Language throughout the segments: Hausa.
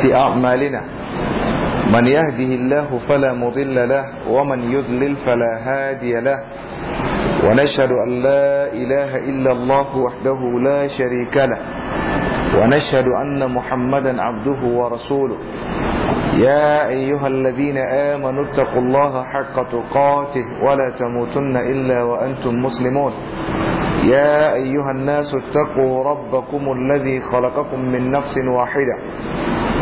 في أعمالنا من يهده الله فلا مضل له ومن يضلل فلا هادي له ونشهد أن لا إله إلا الله وحده لا شريك له ونشهد أن محمدا عبده ورسوله يا أيها الذين آمنوا اتقوا الله حق تقاته ولا تموتن إلا وأنتم مسلمون يا أيها الناس اتقوا ربكم الذي خلقكم من نفس واحدة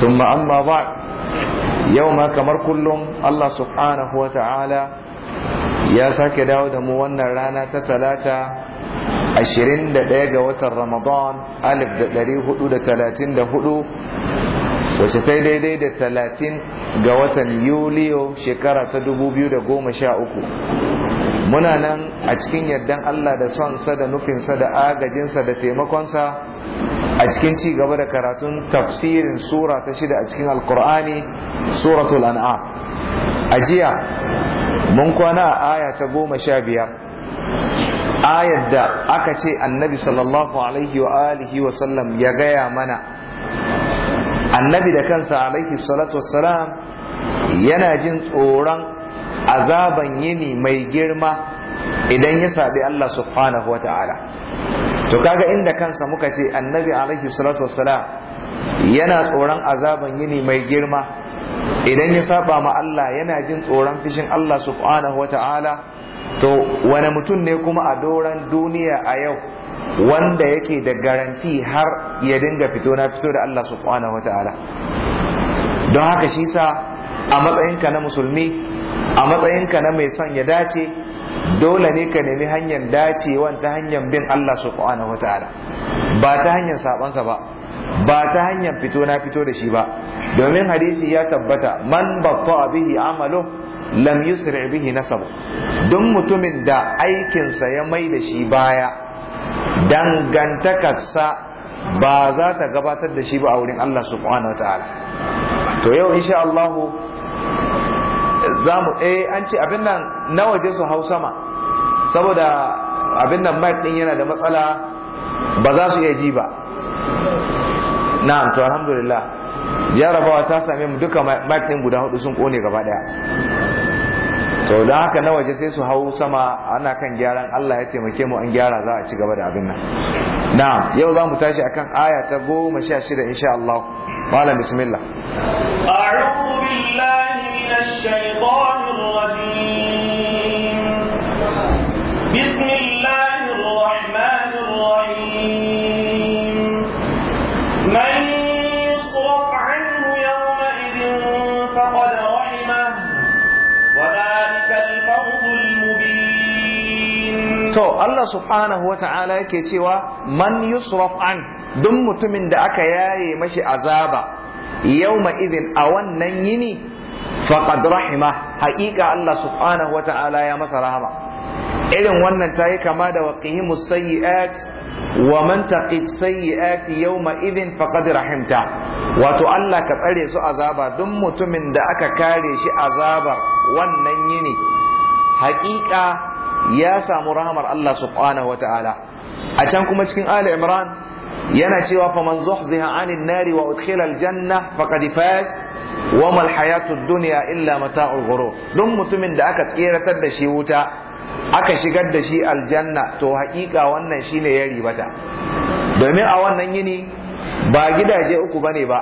ثم أما بعد يوم كمر كلهم ya sake dawo da mu wannan rana ta talata ashirin da ɗaya ga watan ramadan alif da ɗari hudu da talatin da hudu wacce ta daidai da talatin ga watan yuliyo shekara ta dubu biyu da goma sha uku muna nan a cikin yardan allah da sonsa da nufinsa da agajinsa da taimakonsa a cikin ci gaba da karatun tafsirin sura ta shida a cikin alkur'ani suratul an'a a jiya mun kwana a aya ta goma sha biyar ayar da aka ce annabi sallallahu alaihi wa alihi wa sallam ya gaya mana annabi da kansa alaihi salatu wassalam yana jin tsoron azaban yini mai girma idan ya saɓi Allah subhanahu wa ta'ala to kaga inda kansa muka ce annabi alaihi salatu wassalam yana tsoron azaban yini mai girma idan ya saba ma Allah yana jin tsoron fishin Allah subhanahu wata'ala to wani mutum ne kuma a doran duniya a yau wanda yake da garanti har ya dinga fito na fito da Allah subhanahu wata'ala don haka shi sa a matsayinka na musulmi a matsayinka na mai son ya dace dole ne ka nemi hanyar dacewan ta hanyar bin Allah subhanahu wataala ba ta hanyar sabansa ba ba ta hanyar fito na fito da shi ba domin hadisi ya tabbata man batta bihi amalu lam yusri bihi nasabu don mutumin da aikinsa ya mai da shi baya dangantakarsa ba za ta gabatar da shi ba a wurin Allah subhanahu wataala to yau insha Allah za mu eh an ce abin nan na waje su hau sama saboda abin nan mic din yana da matsala ba za su iya ji ba na'am to alhamdulillah jarabawa ta same mu duka mic din guda hudu sun kone gaba daya to da haka na waje sai su hau sama ana kan gyaran Allah ya taimake mu an gyara za a ci gaba da abin nan na'am yau za mu tashi akan aya ta goma sha shida insha Allah malam bismillah a'udhu billahi Allah subhanahu wa ta'ala yake cewa man yusraf an duk mutumin da aka yaye mashi azaba yawma idhin a wannan yini faqad rahima haqiqa Allah subhanahu wa ta'ala ya masa rahama irin wannan tayi kama da waqihimu sayyi'at wa man taqid sayyi'at yawma idhin faqad rahimta wato Allah ka tsare su azaba duk mutumin da aka kare shi azabar wannan yini haqiqa ya samu rahamar Allah subhanahu wataala a can kuma cikin Ali Imran yana cewa fa man zuhziha 'anil nari wa udkhila al-janna faqad faz wa mal dunya illa mata'ul ghurur don mutumin da aka tseratar da shi wuta aka shigar da shi aljanna to haƙiƙa wannan shine ya ribata domin a wannan yini ba gidaje uku bane ba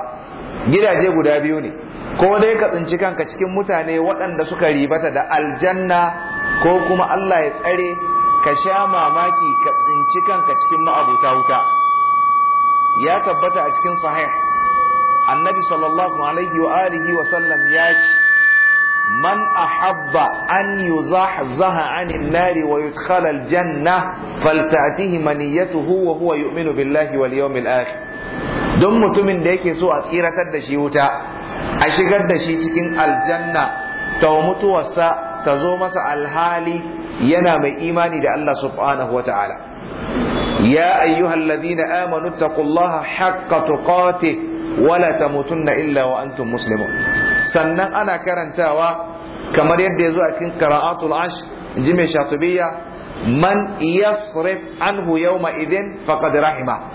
gidaje guda biyu ne ko dai ka tsinci kanka cikin mutane waɗanda suka ribata da aljanna ko kuma Allah ya tsare ka sha mamaki ka tsinci kanka cikin ma'abuta wuta ya tabbata a cikin sahih annabi sallallahu alaihi wa alihi wa sallam ya ce man ahabba an yuzahzaha anin nari wa yudkhala aljanna falta'tihi maniyatuhu wa huwa yu'minu billahi wal yawmil akhir don mutumin da yake so a tsiratar da shi wuta a shigar da shi cikin aljanna ta mutuwarsa ta zo masa alhali yana mai imani da Allah subhanahu wa ta'ala ya ayyuhal ladina amanu taqullaha haqqa tuqatih wala tamutunna illa wa antum muslimun sannan ana karantawa kamar yadda ya zo a cikin qira'atul ash ji mai shatubiyya man yasrif anhu yawma idin faqad rahima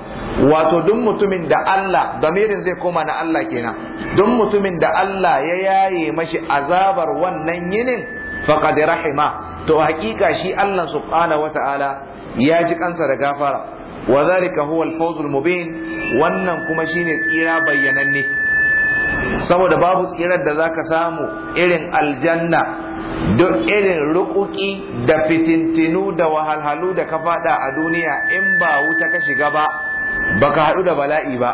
wato duk mutumin da Allah damirin zai koma na Allah kenan duk mutumin da Allah ya yaye mashi azabar wannan yinin faqad rahima to hakika shi Allah subhanahu wataala ya ji kansa da gafara wa zalika huwa al-fawzul mubin wannan kuma shine tsira bayyananne saboda babu tsirar da zaka samu irin aljanna duk irin rukuki da fitintinu da wahalhalu da ka fada a duniya in ba wuta ka shiga ba baka haɗu da bala'i ba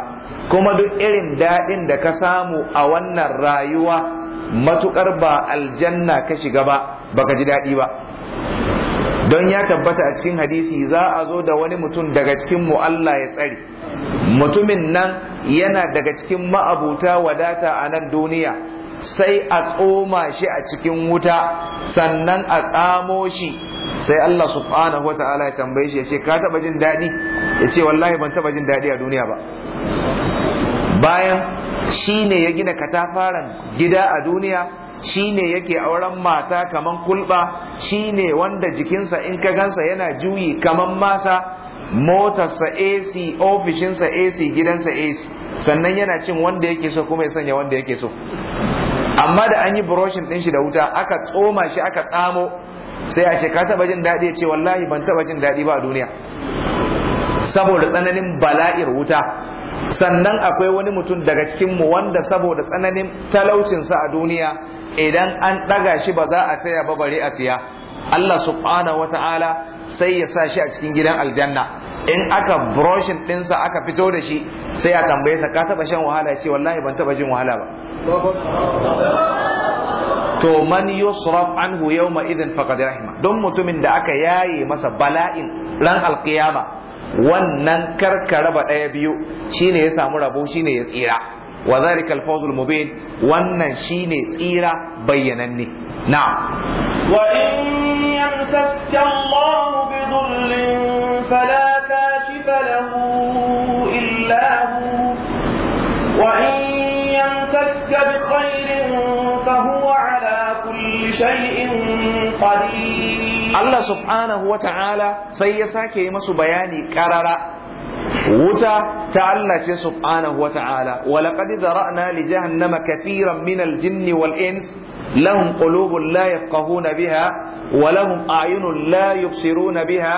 kuma duk irin daɗin da ka samu a wannan rayuwa matukar ba aljanna ka shiga ba baka ji daɗi ba don ya tabbata a cikin hadisi za a zo da wani mutum daga cikin mu Allah ya tsare mutumin nan yana daga cikin ma'abuta wadata a nan duniya sai a tsoma shi a cikin wuta sannan a tsamo shi sai Allah subhanahu wa ta'ala ya tambaye shi ya ce ka taba jin daɗi ya ce wallahi ban taba jin daɗi a duniya ba bayan shi ne ya gina katafaren gida a duniya shi ne yake auren mata kaman kulba shi ne wanda jikinsa in ka gansa yana juyi kaman masa motarsa AC ofishinsa AC gidansa AC sannan yana cin wanda yake so kuma ya sanya wanda yake so amma da an yi buroshin din shi da wuta aka tsoma shi aka tsamo sai a ka taba jin daɗi ya ce wallahi ban taba jin daɗi ba a duniya saboda tsananin bala'ir wuta sannan akwai wani mutum daga cikinmu wanda saboda tsananin talaucinsa a duniya idan an ɗaga shi ba za a taya ba bare a siya Allah subhanahu wata'ala sai ya sa shi a cikin gidan aljanna in aka brushin ɗinsa aka fito da shi sai a tambaye sa ka taɓa shan wahala ce wallahi ban taɓa jin wahala ba to man yusraf anhu yawma idhin faqad rahima don mutumin da aka yaye masa bala'in ran alqiyama wannan karka raba ɗaya biyu shine ya samu rabo shine ya tsira wa zalika al-fawzul mubin wannan shine tsira bayyananne na'am wa in yamsaka Allah bi dhurrin fala kashifa lahu illa hu wa in yamsaka bi khairin fa huwa ala kulli shay'in qadir Allah subhanahu wa ta'ala sai ya sake yi masu bayani karara wuta ta Allah ce subhanahu wa ta'ala wa laqad zara'na li jahannama kathiran min al jinn wal ins lahum qulubun la yafqahuna biha wa lahum a'yunun la yubsiruna biha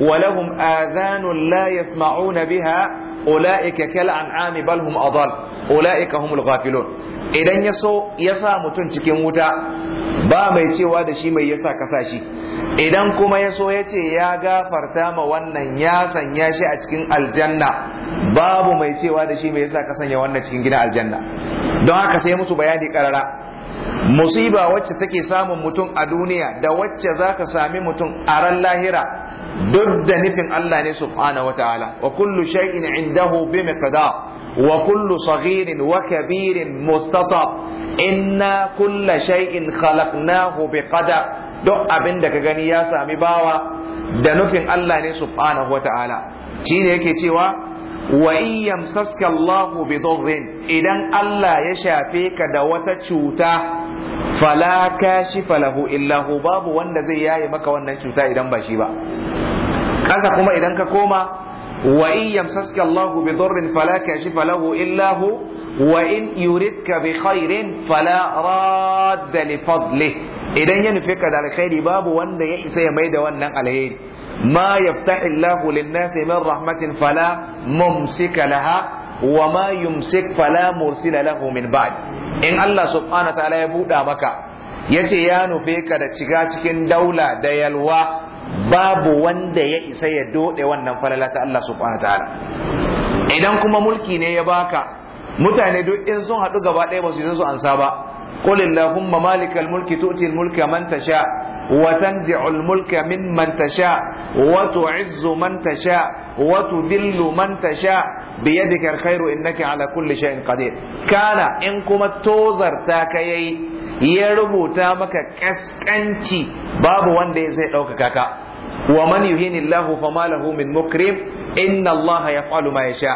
wa lahum adhanun la yasma'una biha ulaika kal an'ami bal hum adall ulaika humul ghafilun idan ya so ya mutum cikin wuta ba mai cewa da shi mai yasa kasa idan kuma yaso yace ya ya gafarta ma wannan ya sanya shi a cikin aljanna babu mai cewa da shi mai yasa ka sanya wannan cikin gidan aljanna don haka sai musu bayani karara musiba wacce take samun mutum a duniya da wacce za ka sami mutum a ran lahira duk da nufin Allah ne subhanahu wataala wa kullu shay'in indahu bi miqdar wa kullu saghirin wa kabirin mustatab inna kulla shay'in khalaqnahu bi qadar duk abin da ka gani ya sami bawa da nufin Allah ne subhanahu wataala shine yake cewa wa in yamsaska Allahu bi idan Allah ya shafe ka da wata cuta fala kashi falahu illahu babu wanda zai yaye maka wannan cuta idan ba shi ba kasa kuma idan ka koma wa in yamsaska Allahu bi dhurrin fala kashi falahu illahu hu wa in yuridka bi khairin fala radda li fadli idan ya nufe ka da alkhairi babu wanda ya isa ya mai da wannan alheri ma yaftahi Allahu lin-nasi min rahmatin fala mumsika laha wa ma yumsik fala mursila lahu min ba'd in Allah subhanahu ta'ala ya buɗa maka yace ya nufe ka da cika cikin daula da yalwa babu wanda ya isa ya dode wannan falala ta Allah subhanahu ta'ala idan kuma mulki ne ya baka mutane duk in sun haɗu gaba ɗaya ba su yi su ansa ba qul allahumma malikal mulki tu'ti mulka man tasha wa tanzi'u mulka mimman tasha wa tu'izzu man tasha wa tudillu man tasha biyadika alkhairu innaka ala kulli shay'in qadir kana in kuma tozarta ka yayi ya rubuta maka kaskanci babu wanda ya sai ɗaukaka ka wa man yuhini Allahu fama lahu min mukrim inna Allah yaf'alu ma yasha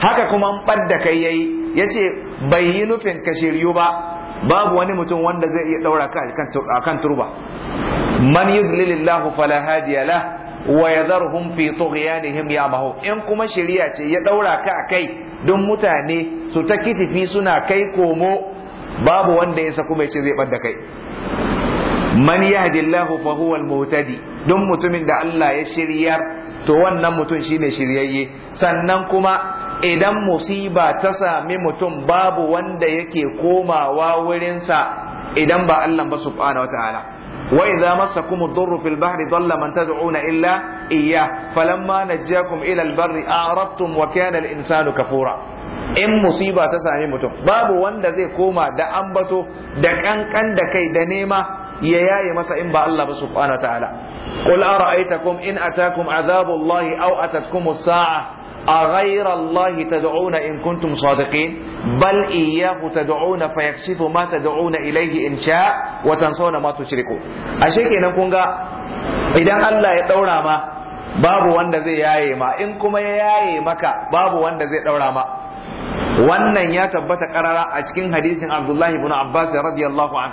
haka kuma an badda kai yayi ce bai yi nufin ka shiryu ba babu wani mutum wanda zai iya daura ka akan turba man yudlilillahu fala hadiya lah wa yadharhum fi tughyanihim ya mahu in kuma shari'a ce ya daura ka kai don mutane su ta kitifi suna kai komo babu wanda ya saku mai ce zai bar da kai man yahdillahu fa huwa almuhtadi mutumin da Allah ya shiryar to wannan mutum shine shiryayye sannan kuma idan musiba ta sami mutum babu wanda yake komawa wurinsa idan ba Allah ba subhanahu wataala wa idza masakum ad-durru fil bahri dalla man tad'una illa iyyah falamma najjakum ila al-barri a'rabtum wa kana al-insanu kafura in musiba ta sami mutum babu wanda zai koma da ambato da kankan da kai da nema ya yaye masa in ba Allah ba subhanahu wa ta'ala qul ara'aytakum in atakum adhabu Allah aw saa أغير الله تدعون إن كنتم صادقين بل إياه تدعون فيكشف ما تدعون إليه إن شاء وتنسون ما تشركون أشيك إن كنغا إذا الله يدعونا ما babu wanda zai yaye ma in kuma ya yaye maka babu wanda zai daura ma wannan ya tabbata karara a cikin hadisin Abdullahi ibn Abbas radiyallahu an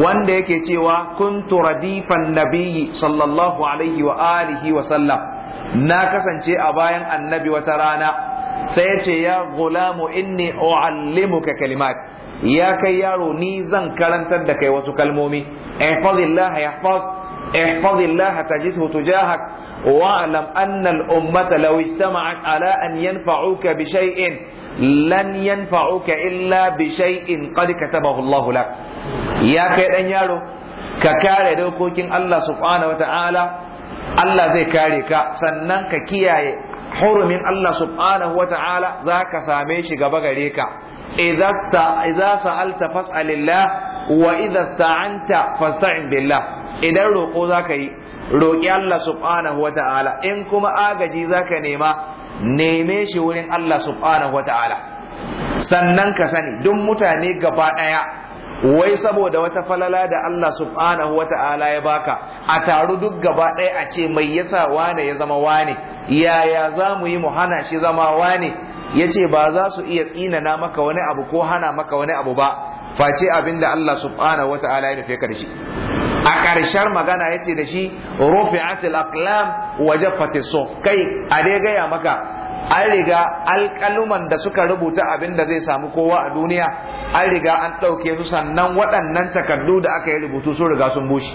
wanda yake cewa kuntu radifan nabiyyi sallallahu alaihi wa alihi wa sallam na kasance a bayan annabi wata rana sai ya ce ya gulamu inni uallimuka kalimat ya kai yaro ni zan karantar da kai wasu kalmomi ihfazillaha yahfaz ihfazillaha tajidhu tujahak wa'lam anna al-ummata law istama'at ala an yanfa'uka bi shay'in lan yanfa'uka illa bi shay'in qad katabahu Allah lak ya kai dan yaro ka kare dokokin Allah subhanahu wa ta'ala Allah zai kare ka sannan ka kiyaye hurumin Allah subhanahu wata'ala za ka same shi gaba gare ka idza sa'alta fas'alillah wa idza sta'anta fasta'in billah idan roƙo zaka yi roƙi Allah subhanahu wata'ala in kuma agaji zaka nema neme shi wurin Allah subhanahu wata'ala sannan ka sani duk mutane gaba ɗaya wai saboda wata falala da Allah subhanahu ta'ala ya baka a taru duk gaba ɗaya a ce mai yasa wane ya zama wane yaya za mu yi mu hana shi zama wane ya ce ba za su iya tsinana maka wani abu ko hana maka wani abu ba face abin da Allah subhanahu ta'ala ya nufe da shi a ƙarshen magana ya ce da shi rufi'atil aqlam wa jaffati kai a dai gaya maka an riga alƙaluman da suka rubuta abin da zai samu kowa a duniya an riga an ɗauke su sannan waɗannan takardu da aka yi rubutu sun riga sun bushe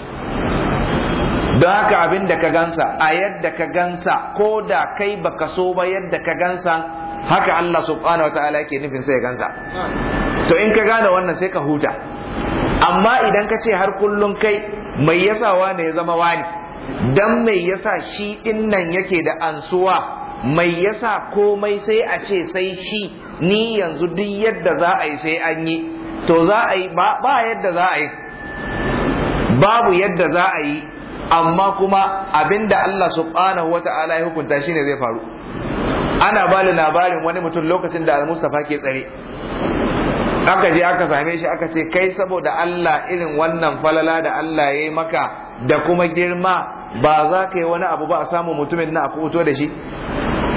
don haka abin da ka gansa a yadda ka gansa ko da kai baka so ba yadda ka gansa haka Allah subhanahu wa ta'ala yake nufin sai ya gansa to in ka gane wannan sai ka huta amma idan ka ce har kullum kai mai yasa wane ya zama wani dan mai yasa shi dinnan yake da ansuwa mai yasa komai sai a ce sai shi ni yanzu duk yadda za a yi sai an yi to za a yi ba yadda za a yi babu yadda za a yi amma kuma abinda Allah subhanahu wata'ala ya hukunta shine zai faru ana da labarin wani mutum lokacin da al-Mustafa ke tsare aka je aka same shi aka ce kai saboda Allah irin wannan falala da Allah ya yi maka da kuma girma ba za ka yi wani abu ba a samu mutumin na a kuto da shi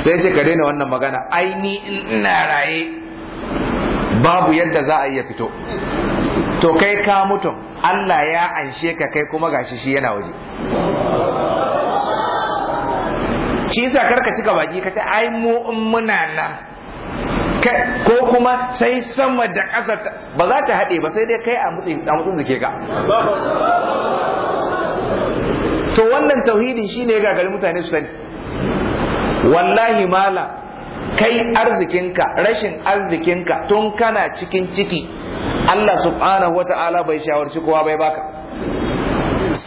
sai ce ka daina wannan magana aini ni ina raye babu yadda za a iya fito to kai ka mutu, Allah ya anshe ka kai kuma gashi shi yana waje shi sa karka cika baki kace ai mu muna nan ko kuma sai sama da ƙasa ba za ta haɗe ba sai dai kai a mutsin zuke ka to wannan tauhidin ne ya gari mutane su sani wallahi mala kai arzikinka rashin arzikinka tun kana cikin ciki Allah subhanahu wata'ala bai shawarci kowa bai baka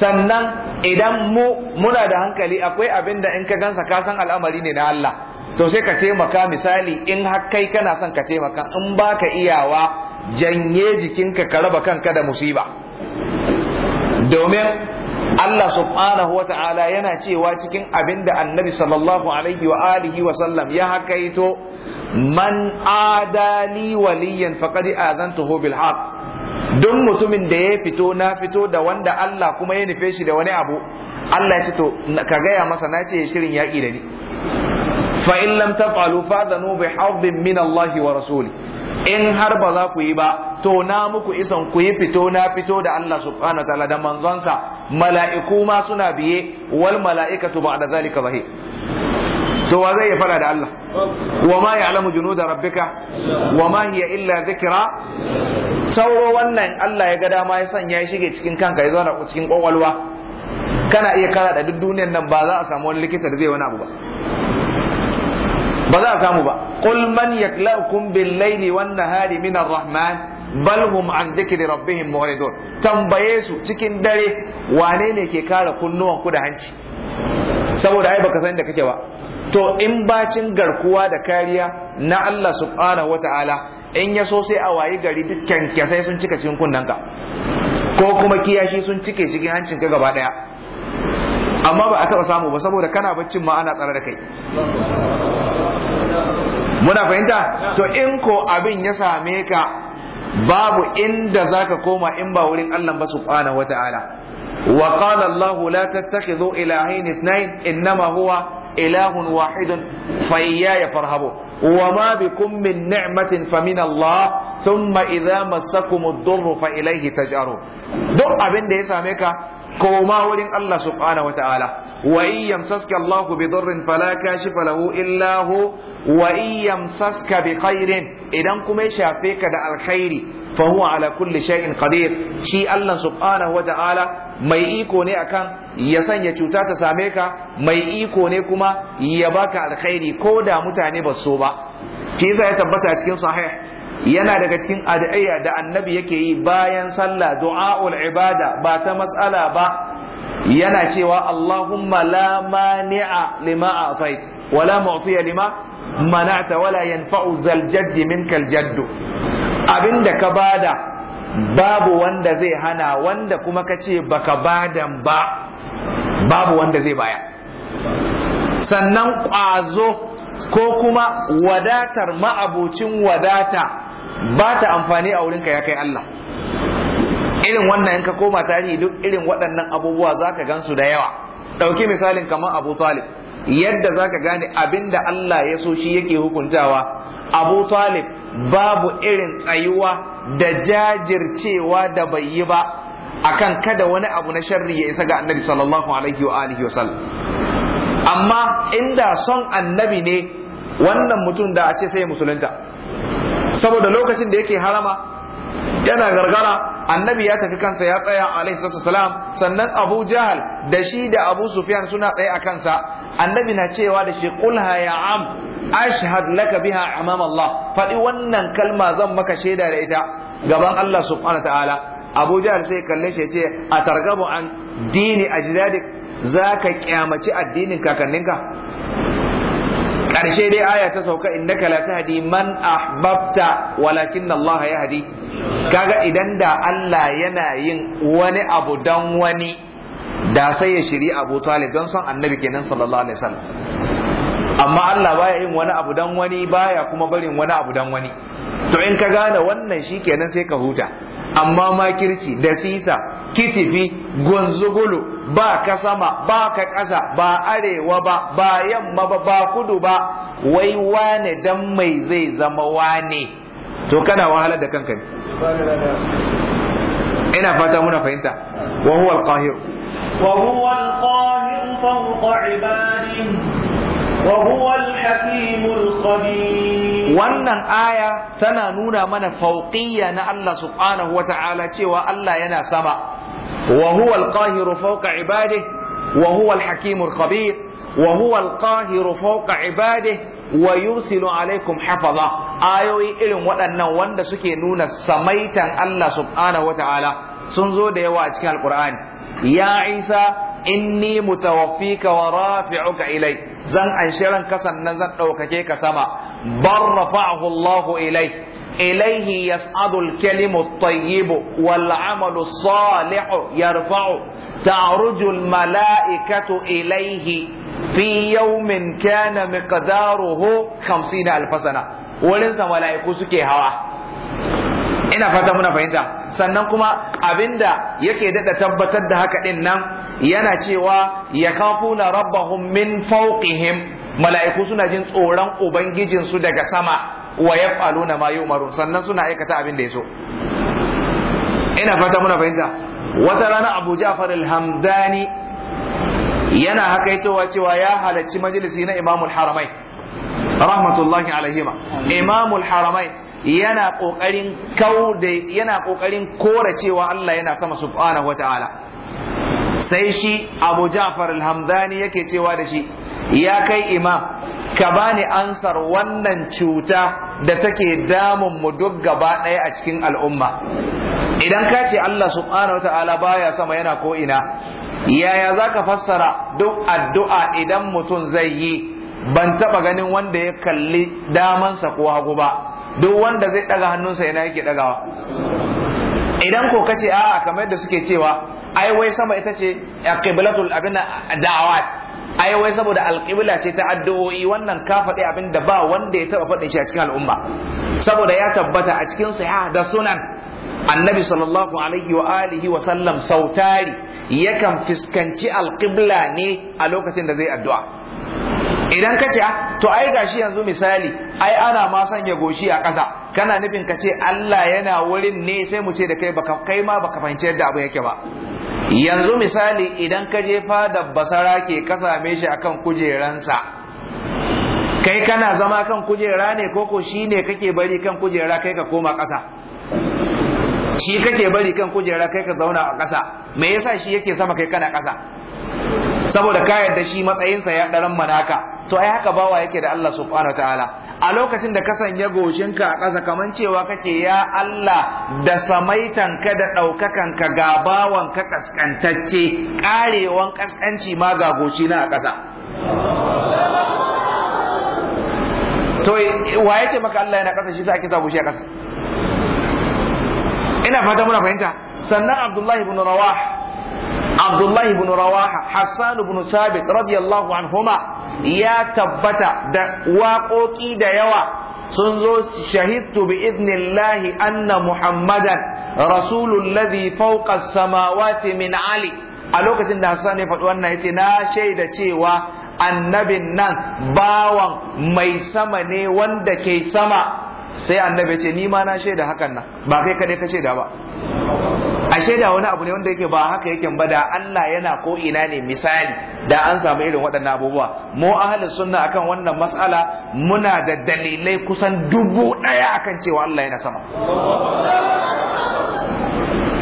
sannan idan mu muna da hankali akwai abin da in ka gansa ka san al'amari ne na Allah to sai ka taimaka misali in har kai kana son ka taimaka in baka iyawa janye jikinka ka raba kanka da musiba domin Allah subhanahu wa ta'ala yana cewa cikin abin da annabi sallallahu alaihi wa alihi wa sallam ya hakaito man adali waliyan faqad adantuhu bil haqq duk mutumin da ya fito na fito da wanda Allah kuma ya nufe shi da wani abu Allah ya ce to ka gaya masa na ce shirin yaƙi da ni fa in lam taf'alu fadhanu bi harbin min Allah wa rasuli in har ba za ku yi ba to na muku isan ku yi fito na fito da Allah subhanahu wa ta'ala da manzonsa mala'iku ma suna biye wal mala'ikatu ba'da zalika zahir to wa zai fara da Allah wa ma ya'lamu junuda rabbika wa ma hiya illa dhikra sauro wannan Allah ya ga dama ya sanya ya shige cikin kanka ya zauna cikin kwakwalwa kana iya kara da duk duniyar nan ba za a samu wani likita da zai wani abu ba ba za a samu ba qul man yaklaukum bil laili wan nahari min ar-rahman bal hum an dhikri rabbihim mu'ridun tambaye su cikin dare wane ne ke kare kunnuwan ku da hanci saboda ai baka san da kake ba to in bacin garkuwa da kariya na Allah subhanahu wata'ala in ya so sai a wayi gari dukkan kyasai sun cika cikin kunnanka ko kuma kiyashi sun cike cikin hancin ka gaba daya amma ba a taba samu ba saboda kana baccin ma ana tsare da kai muna fahimta to in ko abin ya same ka babu inda zaka koma in ba wurin Allah ba subhanahu wata'ala wa qala Allah la tattakhidhu ilahayn ithnayn innama huwa ilahun wahidun fayya ya farhabu wa ma bikum min ni'matin fa min Allah thumma idza massakum ad-durru fa ilayhi taj'arun duk abin da ya same ka koma wurin Allah subhanahu wataala wa in yamsaska Allahu bi darrin fala kashifa lahu illa hu wa in bi khairin idan kuma ya shafe ka da alkhairi fa huwa ala kulli shay'in qadir shi Allah subhanahu wataala mai iko ne akan ya san ya cuta ta same ka mai iko ne kuma ya baka alkhairi ko da mutane ba so ba shi ya tabbata a cikin sahih yana daga cikin addu'a da annabi yake yi bayan sallah du'aul ibada ba ta matsala ba yana cewa Allahumma la mani'a lima a'tait wa la mu'tiya lima mana'ta wa la yanfa'u zal jaddi minkal jaddu abinda ka bada babu wanda zai hana wanda kuma ka ce baka badan ba babu wanda zai baya sannan ƙwazo ko kuma wadatar ma'abucin wadata ba ta amfani a wurinka ya kai Allah irin wannan in ka koma tarihi duk irin waɗannan abubuwa za ka gansu da yawa ɗauki misalin kamar abu talib yadda za ka gane abinda Allah ya so shi yake hukuntawa abu talib babu irin tsayuwa da jajircewa da bai yi ba akan kada wani abu na sharri ya isa ga annabi sallallahu alaihi wa alihi wa sallam amma inda son annabi ne wannan mutum da a ce sai musulunta saboda lokacin da yake harama yana gargara annabi ya tafi kansa ya tsaya alaihi salatu salam sannan abu jahal da shi da abu sufyan suna tsaye a kansa annabi na cewa da shi kulha ya am ashhad laka biha amam Allah faɗi wannan kalma zan maka shaida da ita gaban Allah subhanahu ta'ala abu jahal sai kalle shi ya ce a targabu an dini ajdadik zaka kyamaci addinin kakanninka karshe dai aya ta sauka innaka la tahdi man ahbabta walakin Allah yahdi kaga idan da Allah yana yin wani abu dan wani da sai ya shiri Abu Talib don son annabi kenan sallallahu alaihi wasallam amma Allah baya yin wani abu dan wani baya kuma barin wani abu dan wani to in ka gane wannan shikenan sai ka huta amma makirci da sisa kitifi gunzugulu. ba ka sama ba ka ƙasa ba arewa ba ba yamma ba ba kudu ba wai wane dan mai zai zama wane to kana wahalar da kanka ina fata muna fahimta wa huwa al-qahir wa huwa al-qahir fawqa ibadihi Wannan aya tana nuna mana fauƙiyya na Allah subhanahu wa ta'ala cewa Allah yana sama. وهو القاهر فوق عباده وهو الحكيم الخبير وهو القاهر فوق عباده ويرسل عليكم حفظا ايوي irin waɗannan wanda suke nuna samaitan Allah subhanahu wataala sun zo da yawa a cikin alquran ya isa inni mutawaffika wa ka ilai zan anshiran kasan nan zan ɗaukake ka sama bar rafa'ahu Allah ilai ilaihi yas'adu al-kalimu at-tayyib wal 'amalu as-salih yarfa'u ta'ruju malaikatu ilaihi fi yawmin kana miqdaruhu 50 alf sana wurin sa mala'iku suke hawa ina fata muna fahimta sannan kuma abinda yake dada tabbatar da haka din nan yana cewa yakafuna rabbahum min fawqihim mala'iku suna jin tsoron ubangijinsu daga sama wa yaf'aluna ma yu'marun sannan suna aikata abin da yaso ina fata muna fahimta wata rana Abu Ja'far al-Hamdani yana hakaitowa cewa ya halarci majalisi na Imamul Haramai rahmatullahi alaihima Imamul Haramai yana kokarin kaude yana kokarin kora cewa Allah yana sama subhanahu wataala sai shi Abu Ja'far al-Hamdani yake cewa da shi ya kai imam ka bani ansar wannan cuta da take damun mu duk gaba ɗaya a cikin al'umma idan ka ce Allah subhanahu wataala baya sama yana ko ina yaya zaka fassara duk addu'a idan mutum zai yi ban taba ganin wanda ya kalli damansa ko hagu ba duk wanda zai daga hannunsa yana yake ɗagawa? idan ko kace a'a kamar yadda suke cewa ai wai sama ita ce aqiblatul abina da'awat ai wai saboda alƙibla ce ta addu'o'i wannan ka faɗi abin da ba wanda ya taɓa faɗin shi a cikin al'umma saboda ya tabbata a cikin sahih da sunan annabi sallallahu alaihi wa alihi wa sallam sautari yakan fuskanci alƙibla ne a lokacin da zai addu'a idan ka ce ah, to ai gashi yanzu misali ai ana ma sanya goshi a ƙasa kana nufin ka ce Allah yana wurin ne sai mu ce da kai baka kai ma baka fahimci yadda abu yake ba yanzu misali idan ka je fada basara ke kasa me shi akan kujeransa kai kana zama kan kujera ne ko ko shi kake bari kan kujera kai ka koma ƙasa shi kake bari kan kujera kai ka zauna a ƙasa me yasa shi yake sama kai kana ƙasa saboda ka yarda shi matsayinsa ya ɗaran manaka to ai haka bawa yake da Allah subhanahu wataala a lokacin da ka sanya goshinka a ƙasa kaman cewa kake ya Allah da samaitan ka da ɗaukakan ka ga bawan ka kaskantacce ƙarewan kaskanci ma ga goshi na a ƙasa to wa ce maka Allah yana ƙasa shi sa ake sa goshi a ƙasa ina fata muna fahimta sannan Abdullahi ibn Rawah Abdullahi ibn Rawaha Hassan ibn Sabit radiyallahu anhuma ya tabbata da waƙoƙi da yawa sun zo shahidtu bi idnillahi anna muhammadan rasulul ladhi fawqa samawati min ali a lokacin da Hassan ya faɗi wannan yace na shaida cewa annabin nan bawan mai sama ne wanda ke sama sai annabi ce ni ma na shaida hakan nan ba kai kaɗai ka shaida ba ashe da wani abu ne wanda yake ba haka yake ba da Allah yana ko ina ne misali da an samu irin waɗannan abubuwa mu ahlus sunna akan wannan mas'ala muna da dalilai kusan dubu ɗaya akan cewa Allah yana sama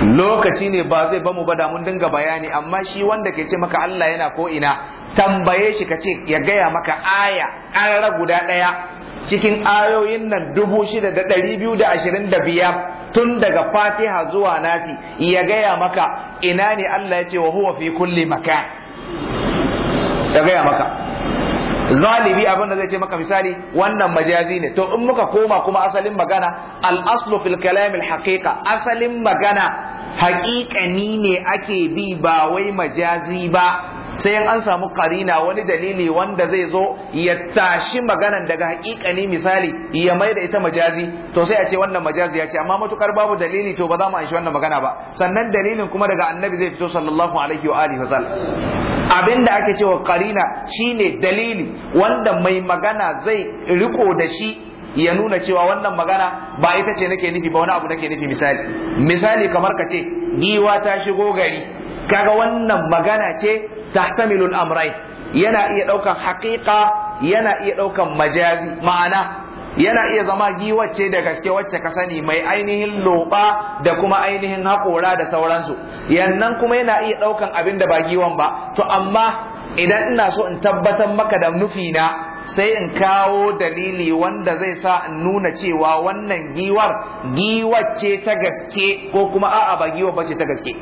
lokaci ne ba zai bamu ba da mun dinga bayani amma shi wanda ke ce maka Allah yana ko ina tambaye shi ka ce ya gaya maka aya ƙarar guda ɗaya cikin ayoyin nan dubu shida da ɗari biyu da ashirin da biyar tun daga fatiha zuwa nasi ya gaya maka ina ne Allah ya ce wa huwa fi kulli maka? ya gaya maka zalibi abin da zai ce maka misali wannan majazi ne to in muka koma kuma asalin magana al aslu fil kalam al haqiqa asalin magana haƙiƙani ne ake bi ba wai majazi ba sai in an samu karina wani dalili wanda zai zo ya tashi maganan daga hakikani misali ya mai da ita majazi to sai a ce wannan majazi ya ce amma matukar babu dalili to ba za mu anshi wannan magana ba sannan dalilin kuma daga annabi zai fito sallallahu alaihi wa alihi wasallam abinda ake cewa karina shine dalili wanda mai magana zai riko da shi ya nuna cewa wannan magana ba ita ce nake nufi ba wani abu nake nufi misali misali kamar ka ce giwa ta shigo gari kaga wannan magana ce tahtamilul amrai yana iya ɗaukan haƙiƙa, yana iya ɗaukan majazi ma'ana yana iya zama giwacce da gaske wacce ka sani mai ainihin loba da kuma ainihin haƙora da sauransu yannan kuma yana iya ɗaukan abin da ba giwan ba to amma idan ina so in tabbatar maka da nufina sai in kawo dalili wanda zai sa in nuna cewa wannan giwar giwacce ta gaske ko kuma a'a ba giwa bace ta gaske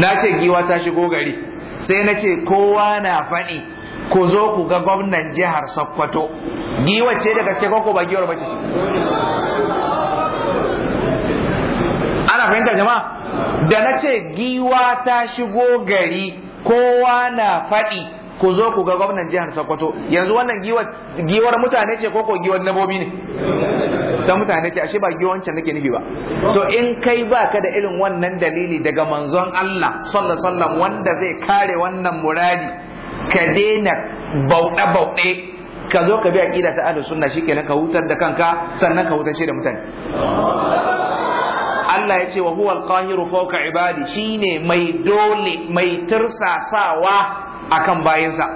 na ce giwa ta shigo gari sai na ce kowa na faɗi ku zo ku ga gwamnan jihar Sokoto giwa ce da gaske ko ba giwar bace ana fahimta jama'a da na ce giwa ta shigo gari kowa na faɗi ku zo ku ga gwamnan jihar Sokoto yanzu wannan giwar mutane ce ko ko giwar nabobi ne ta mutane ce ashe ba giwancin nake nufi ba to in kai ba ka da irin wannan dalili daga manzon Allah sallallahu alaihi wanda zai kare wannan muradi ka daina bauɗe bauɗe ka zo ka bi aqida ta ahlus sunna shikenan ka hutar da kanka sannan ka hutar da mutane Allah ya ce wa huwa al-qahiru fawqa ibadi shine mai dole mai tirsasawa akan bayinsa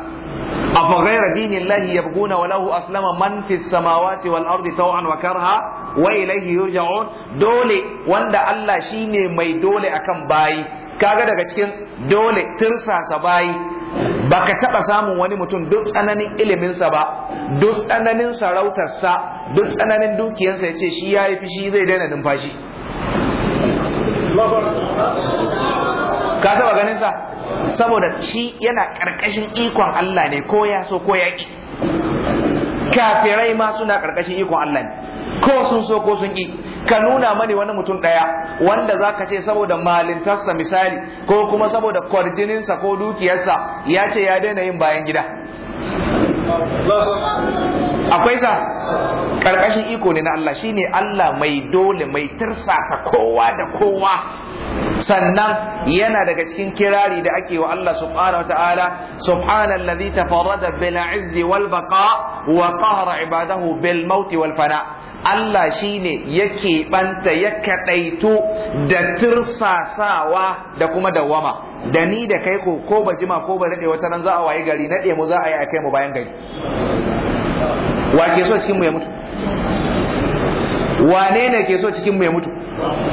afa ghayra dinillahi yabghuna wa lahu aslama man samawati wal ardi taw'an wa karha wa ilayhi yurja'un dole wanda Allah shine mai dole akan bayi kaga daga cikin dole tirsasa bayi baka taba samun wani mutum duk tsananin iliminsa ba duk tsananin sarautarsa duk tsananin dukiyarsa ya ce shi ya yi fishi zai daina numfashi ka taba ganinsa? saboda shi yana ƙarƙashin ikon Allah ne ko ya so ko ya ki kafirai ma suna karkashin ikon Allah ne ko sun so ko sun ki ka nuna mani wani mutum ɗaya wanda za ka ce saboda malintarsa misali ko kuma saboda kwarjininsa ko dukiyarsa ya ce ya daina yin bayan gida akwai sa ƙarƙashin iko ne na Allah shine Allah mai dole mai tirsasa kowa da kowa sannan yana daga cikin kirari da ake wa Allah subhanahu wa ta'ala subhanallazi tafarrada bil izzi wal baqa wa qahara ibadahu bil maut wal fana Allah shine yake banta ya kadaitu da tirsasawa da kuma dawama da ni da kai ko ko ba jima ko ba daɗe wata ran za a waye gari naɗe mu za a yi a kai mu bayan gari wa ke so cikin mu ya mutu wane ne ke so cikin mu ya mutu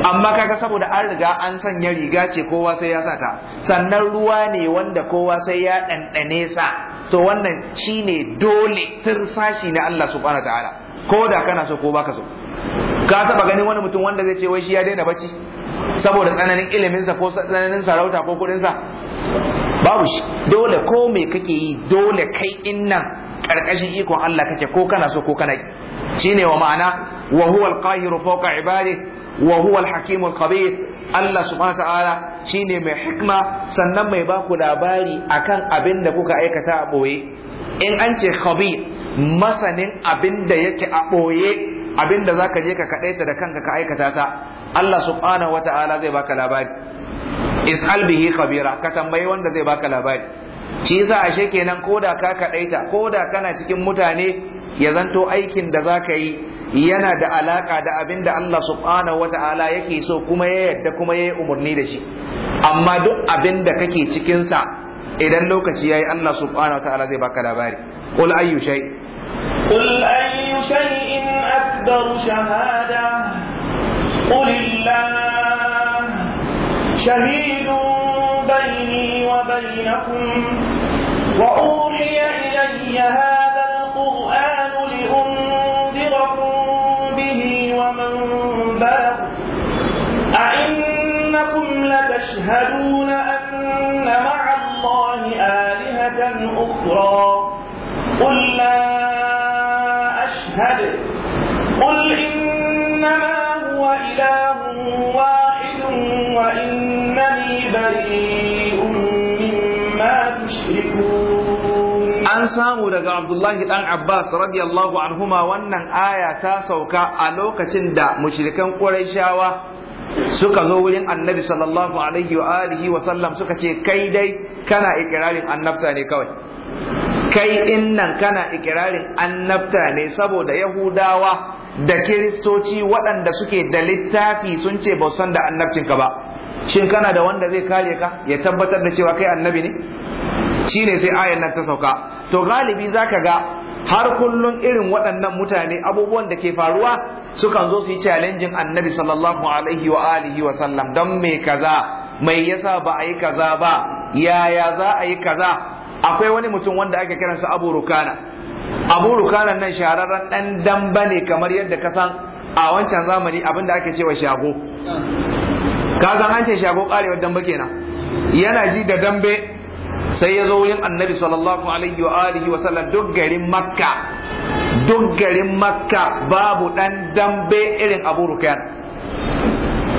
amma kaga saboda an riga an sanya riga ce kowa sai ya sata sannan ruwa ne wanda kowa sai ya ɗanɗane sa to wannan shine dole sashi na Allah subhanahu ta'ala ko da kana so ko baka so ka taba ganin wani mutum wanda zai ce wai shi ya daina bacci saboda tsananin iliminsa ko tsananin sarauta ko kuɗinsa babu shi dole ko me kake yi dole kai innan karkashin ikon Allah kake ko kana so ko kana shine wa ma'ana wa huwa al-qahiru fawqa ibadihi wa huwa al-hakim al-khabir Allah subhanahu ta'ala shine mai hikma sannan mai ba ku labari akan abin da kuka aikata a boye in an ce khabir masanin abin da yake a boye abin da zaka je ka kadaita da kanka ka aikata Allah subhanahu ta'ala zai baka labari is'al bihi khabira ka tambayi wanda zai baka labari shi yasa ashe kenan koda ka kadaita koda kana cikin mutane ya zanto aikin da zaka yi yana da alaka da abin da Allah subhanahu Ta'ala yake so kuma ya yadda kuma ya yi umarni da shi amma duk abin da kake cikinsa idan lokaci ya yi Allah subhanahu Ta'ala zai baka labari qul ayyu shay qul ayyu shay'in akdar shahada qul shahidu bayni wa bainakum wa uhiya ilayya hada يشهدون أن مع الله آلهة أخرى قل لا أشهد قل إنما هو إله واحد وإنني بريء مما تشركون an samu daga Abdullahi Ɗan Abbas radiyallahu anhuma wannan aya ta sauka a lokacin da mushrikan Qurayshawa suka zo wurin annabi sallallahu alaihi wa alihi wa sallam suka ce kai dai kana ikirarin annabta ne kawai kai innan nan kana ikirarin annabta ne saboda yahudawa da kiristoci waɗanda suke da littafi sun ce ba san da ka ba shin kana da wanda zai kare ka ya tabbatar da cewa kai annabi ne shine sai ayan nan ta sauka to galibi zaka ga har kullun irin waɗannan mutane abubuwan da ke faruwa sukan zo su yi challenging annabi sallallahu alaihi wa alihi wa sallam don me kaza mai yasa ba a yi kaza ba yaya za a yi kaza akwai wani mutum wanda ake kiransa abu rukana abu rukana nan shahararren ɗan damba ne kamar yadda ka san a wancan zamani abin da ake cewa shago ka san an ce shago karewar damba kenan yana ji da dambe sai ya zo wurin annabi sallallahu alaihi wa alihi wa sallam duk garin makka duk garin makka babu dan dambe irin abu rukayan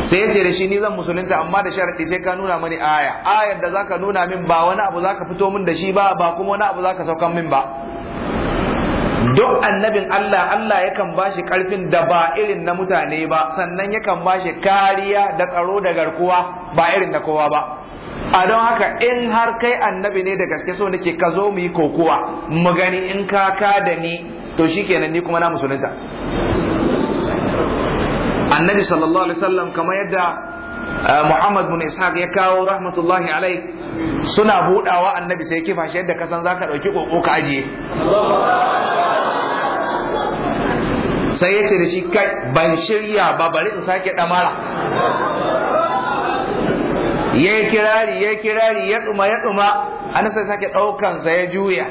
sai ya ce da shi ni zan musulunta amma da sharaɗi sai ka nuna mani aya ayar da zaka nuna min ba wani abu zaka fito min da shi ba ba kuma wani abu zaka saukan min ba duk annabin Allah Allah yakan bashi karfin da ba irin na mutane ba sannan yakan bashi kariya da tsaro da garkuwa ba irin na kowa ba a don haka in har kai annabi ne da gaske so nake ka zo mu yi kokowa mu gani in ka ka da ni to shikenan ni kuma na musulunta annabi sallallahu alaihi wasallam kamar yadda eh, Muhammad bin Ishaq ya kawo rahmatullahi alai suna budawa annabi sai kifa shi yadda kasan zaka dauki koko ka ajiye sai ya da shi kai ban shirya ba bari in sake damara ya yi kirari ya yi kirari ya tsuma ya tsuma sai sake ɗaukansa ya juya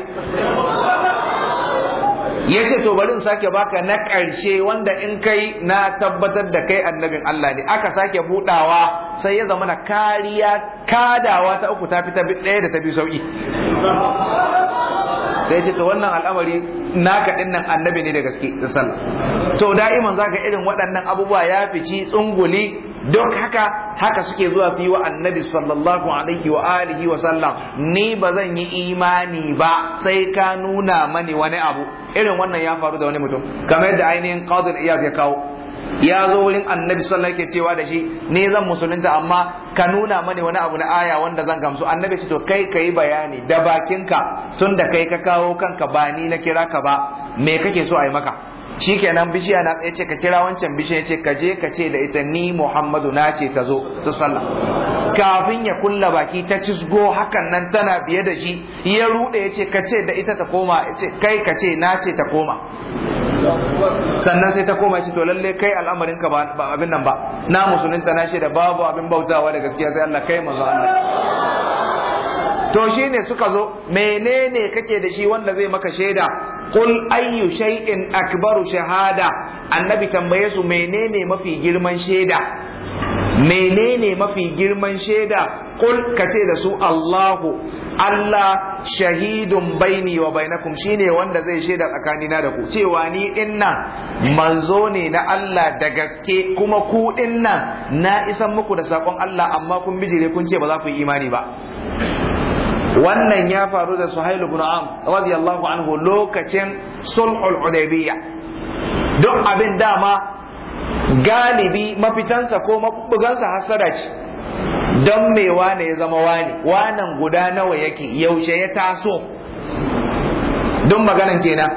ya ce to bari in sake baka na ƙarshe wanda in kai na tabbatar da kai annabin Allah ne aka sake buɗawa sai ya zama na kariya kadawa ta uku ta fi ta ɗaya da ta bi sauki sai ce to wannan al'amari na kaɗin nan annabi ne da gaske to da'iman zaka irin waɗannan abubuwa ya fici tsunguli duk haka haka suke zuwa su yi wa annabi sallallahu alaihi wa alihi wa sallam ni ba zan yi imani ba sai ka nuna mani wani abu irin wannan ya faru da wani mutum kamar yadda ainihin qadir iyad ya kawo ya zo wurin annabi sallallahu alaihi cewa da shi ni zan musulunta amma ka nuna mani wani abu na aya wanda zan gamsu annabi ce to kai ka yi bayani da bakinka tun da kai ka kawo kanka ba ni na kira ka ba me kake so a maka shikenan bishiya na tsaye ce ka kira wancan bishiya ce ka je ka ce da ita ni Muhammadu na ce ta zo ta sallah kafin ya kulla baki ta cisgo hakan nan tana biye da shi ya rude ya ce ka ce da ita ta koma ya ce kai ka ce na ce ta koma sannan sai ta koma ce to lalle kai al'amarin ka ba abin nan ba na musulun ta na da babu abin bautawa da gaskiya sai Allah kai manzo Allah to shine suka zo menene kake da shi wanda zai maka shaida Kul ayyu shay'in akbaru shahada annabi tambaye su menene mafi girman shaida menene mafi girman shaida Kul kace da su Allahu Allah shahidun baini wa bainakum shine wanda zai shaida tsakanina da ku cewa ni dinnan manzo ne na Allah da gaske kuma ku dinnan na isan muku da sakon Allah amma kun bijire kun ce ba za ku yi imani ba wannan ya faru da suhail ibn am radiyallahu anhu lokacin sulhul hudaybiyya duk abin dama galibi mafitansa ko mabugansa hasada ce don me wane ya zama wani? wanan guda nawa yake yaushe ya taso don maganan kenan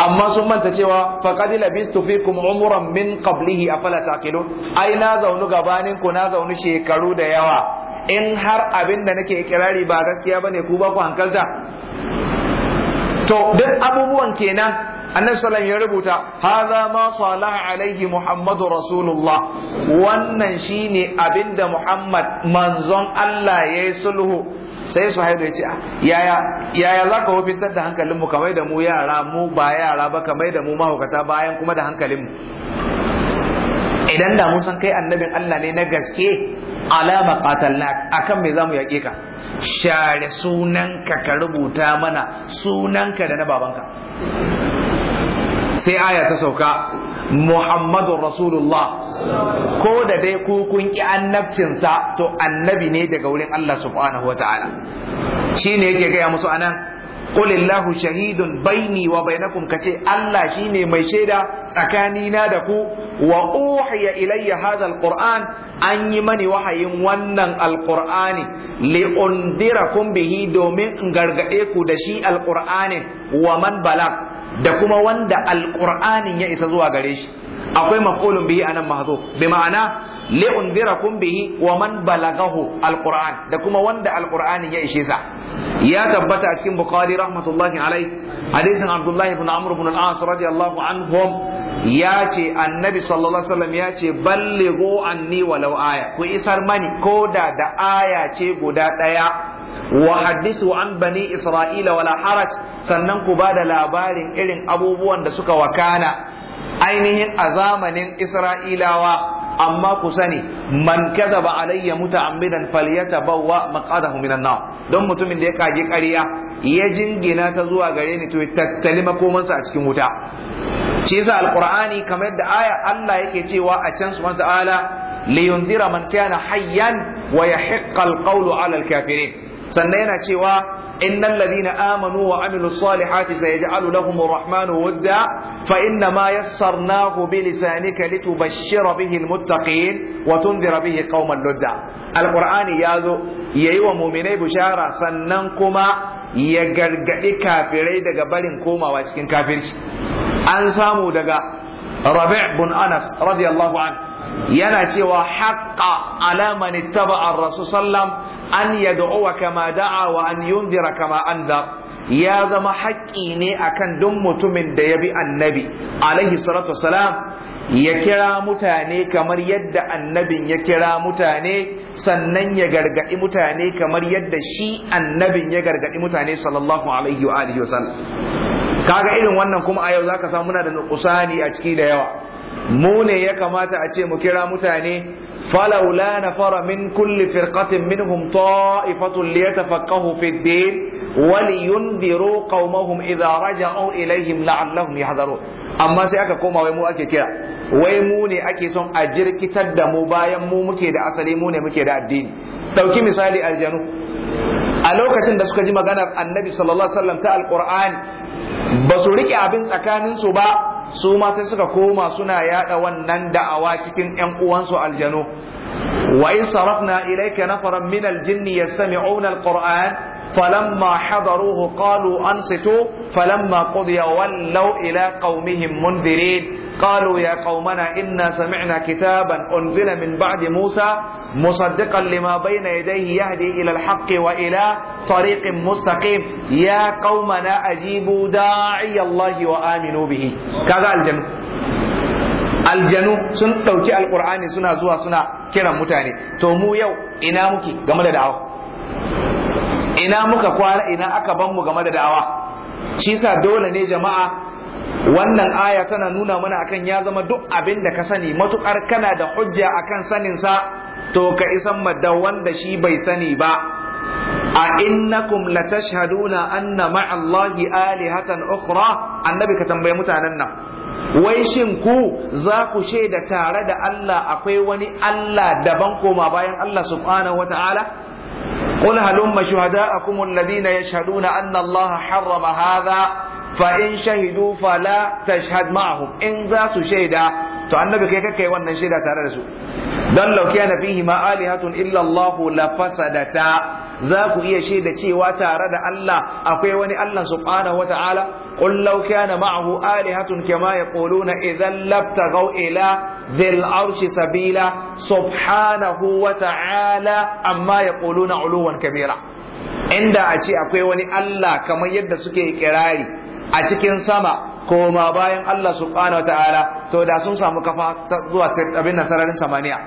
amma sun manta cewa faqad labistu fikum umran min qablihi afala taqilun ai na zaunu gabanin ku na zaunu shekaru da yawa in har abin da nake ikirari ba gaskiya bane ku ba ku hankalta to duk abubuwan kenan annabi sallallahu ya rubuta hadha ma salaha alaihi muhammadu rasulullah wannan shine abinda muhammad manzon Allah yayi sulhu sai su haidu ya ce yaya yaya za ka hufintar da hankalinmu kamar da mu yara mu ba yara ba kamar da mu mahaukata bayan kuma da hankalin mu idan da mun san kai annabin Allah ne na gaske alama qatalnak akan me zamu yaƙe ka share sunanka ka rubuta mana sunanka da na babanka sai aya ta sauka Muhammadun Rasulullah ko da dai ku kun ƙi annabcinsa to annabi ne daga wurin Allah subhanahu wa ta'ala shi ne yake gaya musu anan kulillahu shahidun baini wa bainakum kace Allah shine mai shaida tsakanina da ku wa uhiya ilayya hadha alquran an yi mani wahayin wannan alqur'ani li undirakum bihi domin in gargade ku da shi alqur'anin wa man balag da kuma wanda alqur'anin ya isa zuwa gare shi akwai maf'ulun bihi anan mahzuf bi ma'ana li unzirakum bihi wa man balagahu alquran da kuma wanda alqur'anin ya ishe sa ya tabbata a cikin bukhari rahmatullahi alai hadisin abdullah ibn amr ibn al-as radiyallahu anhum ya ce annabi sallallahu alaihi wasallam ya ce ballighu anni walau aya ku isar mani ko da da aya ce guda daya wa hadisu an bani isra'ila wala haraj sannan ku bada labarin irin abubuwan da suka wakana ainihin a zamanin Isra'ilawa amma ku sani man ba alayya muta'ammidan falyatabawwa maqadahu minan nawa? don mutumin da ya kage ƙarya ya jingina ta zuwa gare ni to ya tattali makomansa a cikin wuta shi yasa kamar yadda aya Allah yake cewa a can subhanahu ta'ala liyundira man kana hayyan wa yahiqqa alqawlu ala alkafirin sannan yana cewa إن الذين آمنوا وعملوا الصالحات سيجعل لهم الرحمن ودا فإنما يسرناه بلسانك لتبشر به المتقين وتنذر به قوما لدا القرآن يازو يأيوا مؤمني بشارة سننكما يقرقدي كافري دقا بلن كوما واسكن كافرش أنسامو دقا ربيع بن أنس رضي الله عنه yana cewa haqqa ala man an sallam an yad'uwa kama da'a wa an yundira kama andar ya zama haƙƙi ne akan duk mutumin da ya bi annabi alaihi salatu wasalam ya kira mutane kamar yadda annabin ya kira mutane sannan ya gargaɗi mutane kamar yadda shi annabin ya gargaɗi mutane sallallahu alaihi wa alihi wasallam kaga irin wannan kuma a yau zaka samu muna da nuqsani a ciki da yawa mu ne ya kamata a ce mu kira mutane falaula nafara min kulli firqatin minhum ta'ifatun liyatafaqahu fi din wa liyundiru qaumahum idha raja'u ilaihim la'allahum yahdharun amma sai aka koma wai mu ake kira wai mu ne ake son a jirkitar da mu bayan mu muke da asali mu ne muke da addini dauki misali aljanu a lokacin da suka ji maganar annabi sallallahu alaihi wasallam ta alqur'ani ba su rike abin tsakaninsu ba su ma sai suka koma suna yada wannan da'awa cikin ƴan uwansu aljanu wa in sarafna ilayka nafaran min aljinni yastami'una alquran فلما حضروه قالوا ansitu, فلما قضي wallau ila قومهم mundirin. قالوا يا قومنا إنا سمعنا كتابا أنزل من بعد موسى مصدقا لما بين يديه يهدي إلى الحق وإلى طريق مستقيم يا قومنا أجيبوا داعي الله وآمنوا به كذا الجنو aljanu sun ɗauki alƙur'ani suna zuwa suna kiran mutane to mu yau ina muke game da da'awa ina muka kwana ina aka ban mu game da da'awa shi sa dole ne jama'a wannan aya tana nuna mana akan ya zama duk abin da ka sani matukar kana da hujja akan sanin sa to ka isan da wanda shi bai sani ba a innakum latashhaduna anna Ali alihatan ukhra annabi ka tambaye mutanen nan wai shin ku za ku shaida tare da Allah akwai wani Allah daban koma bayan Allah subhanahu wata'ala قل هلم شهداءكم الذين يشهدون أن الله حرم هذا fa in shahidu fala tashhad ma'ahum in za su shaida to annabi kai kakkai wannan shaida tare da su dan law kana fihi ma alihatun illa Allah la fasadata za ku iya shaida cewa tare da Allah akwai wani Allah subhanahu wata'ala qul law kana ma'ahu alihatun kama yaquluna idhan labtagaw ila dhil arshi sabila subhanahu wata'ala amma yaquluna uluwan kabira inda a ce akwai wani Allah kamar yadda suke kirari a cikin sama koma bayan Allah subhanahu wataala to da sun samu kafa zuwa abin nasararin sararin samaniya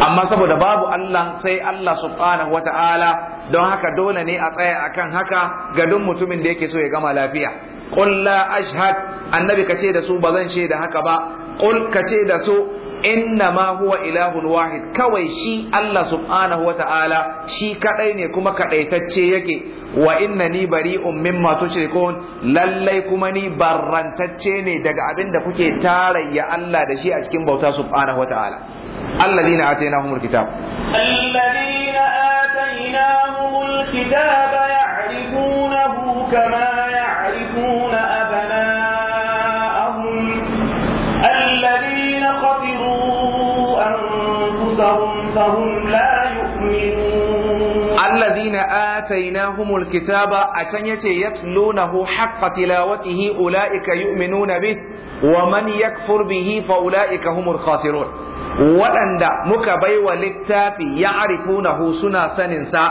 amma saboda babu Allah sai Allah subhanahu wata'ala don haka dole ne a tsaya akan haka ga duk mutumin da yake so ya gama lafiya qul la ashhad annabi kace da su bazan ce da haka ba qul kace da su inna ma huwa ilahun wahid kawai shi Allah subhanahu wa ta'ala shi kadai ne kuma kadaitacce yake wa inna ni bari bari'un mimma tushrikun lallai kuma ni barrantacce ne daga abin da kuke tarayya Allah da shi a cikin bauta subhanahu wa ta'ala alladhina atainahumul kitab alladhina atainahumul kitaba ya'rifunahu kama ya'rifuna abana. أنفسهم فهم لا يؤمنون الذين آتيناهم الكتاب أتنيتي يتلونه حق تلاوته أولئك يؤمنون به ومن يكفر به فأولئك هم الخاسرون وأن مكبي وللتافي يعرفونه سنة سننسا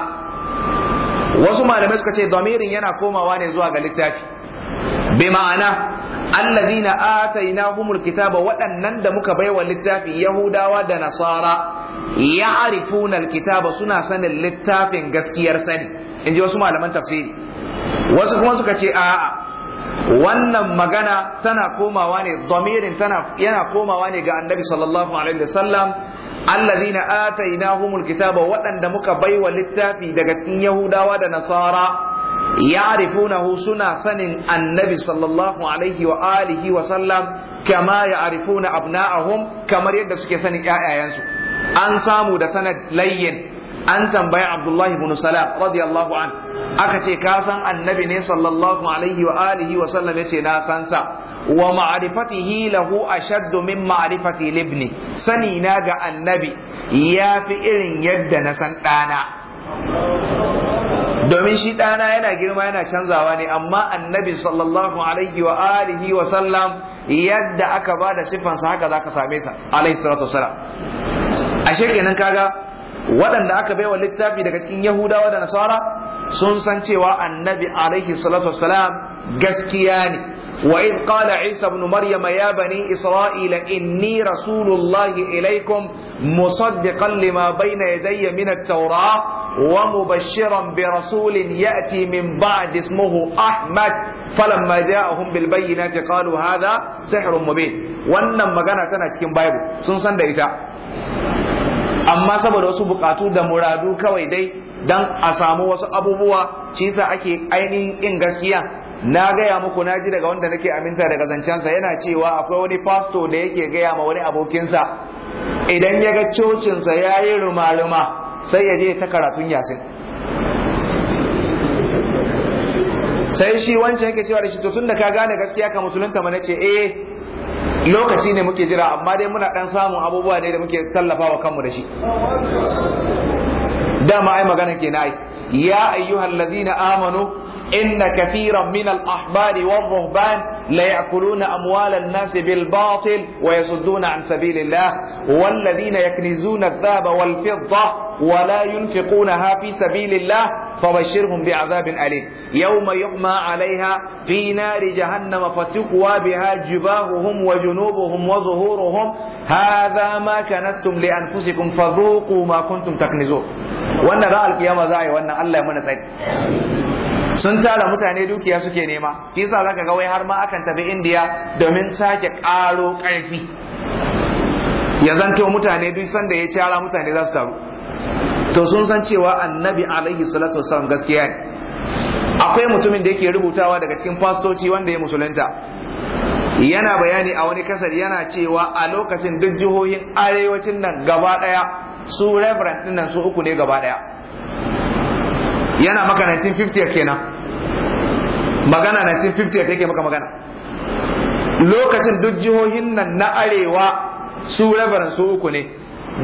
wasu malamai suka ce domirin yana komawa ne zuwa ga littafi bi ma'ana allazina atainahumul kitaba waɗannan da muka baiwa littafi yahudawa da nasara ya'rifuna alkitaba suna sanin littafin gaskiyar sani inji wasu malaman tafsiri wasu kuma suka ce a'a wannan magana tana komawa ne domirin tana yana komawa ne ga annabi sallallahu alaihi wasallam allazina atainahumul kitaba waɗanda muka baiwa littafi daga cikin yahudawa da nasara ya'rifunahu suna sanin annabi sallallahu alaihi wa alihi wa sallam kama ya'rifuna abna'ahum kamar yadda suke sanin ƴaƴayensu an samu da sanad layyin an tambayi Abdullahi ibn Salam radiyallahu an aka ce ka san annabi ne sallallahu alaihi wa alihi wa sallam yace na san sa wa ma'rifatihi lahu ashaddu min ma'rifati libni sani na ga annabi yafi irin yadda na san dana domin shi ɗana yana girma yana canzawa ne amma annabi sallallahu alaihi wa alihi wa sallam yadda aka ba da siffansa haka za ka same sa alaihi salatu wasalam A shekinan kaga waɗanda aka baiwa littafi daga cikin yahudawa da nasara sun san cewa annabi alaihi salatu wasalam gaskiya ne وإذ قال عيسى ابن مريم يا بني إسرائيل إني رسول الله إليكم مصدقا لما بين يدي من التوراة ومبشرا برسول يأتي من بعد اسمه أحمد فلما جاءهم بالبينات قالوا هذا سحر مبين wannan magana tana cikin Bible sun san da ita amma saboda wasu bukatu da muradu kawai dai dan a samu wasu abubuwa shi yasa ake ainihin in gaskiya na gaya muku na ji daga wanda nake aminta daga zancensa yana cewa akwai wani fasto da yake gaya ma wani abokinsa idan ya ga cocinsa ya yi ruma-ruma sai ya je ta karatun yasin sai shi wancan yake cewa da shi to da ka gane gaskiya ka musulunta mana ce eh lokaci ne muke jira amma dai muna dan samun abubuwa ne da muke tallafawa kanmu da shi dama ai magana ke ai ya ayyuhallazina amanu إن كثيرا من الأحبار والرهبان ليأكلون أموال الناس بالباطل ويصدون عن سبيل الله والذين يكنزون الذهب والفضة ولا ينفقونها في سبيل الله فبشرهم بعذاب أليم يوم يحمى عليها في نار جهنم فتقوى بها جباههم وجنوبهم وظهورهم هذا ما كنستم لأنفسكم فذوقوا ما كنتم تكنزون وأن رأى القيامة زاي وأن الله من سعيد sun tara mutane dukiya suke nema yasa zaka ga wai har ma akan tafi indiya domin sake karo karfi ya zanto mutane duk sanda ya cara mutane za su taru to sun san cewa annabi alaihi salatu wasallam gaskiya ne akwai mutumin da yake rubutawa daga cikin fastoci wanda ya musulunta yana bayani a wani kasar yana cewa a lokacin duk jihohin arewacin nan gaba daya su reverend nan su uku ne gaba daya yana maka 1950 kenan magana 1950 take maka magana lokacin duk jihohin nan na arewa su rabaran su uku ne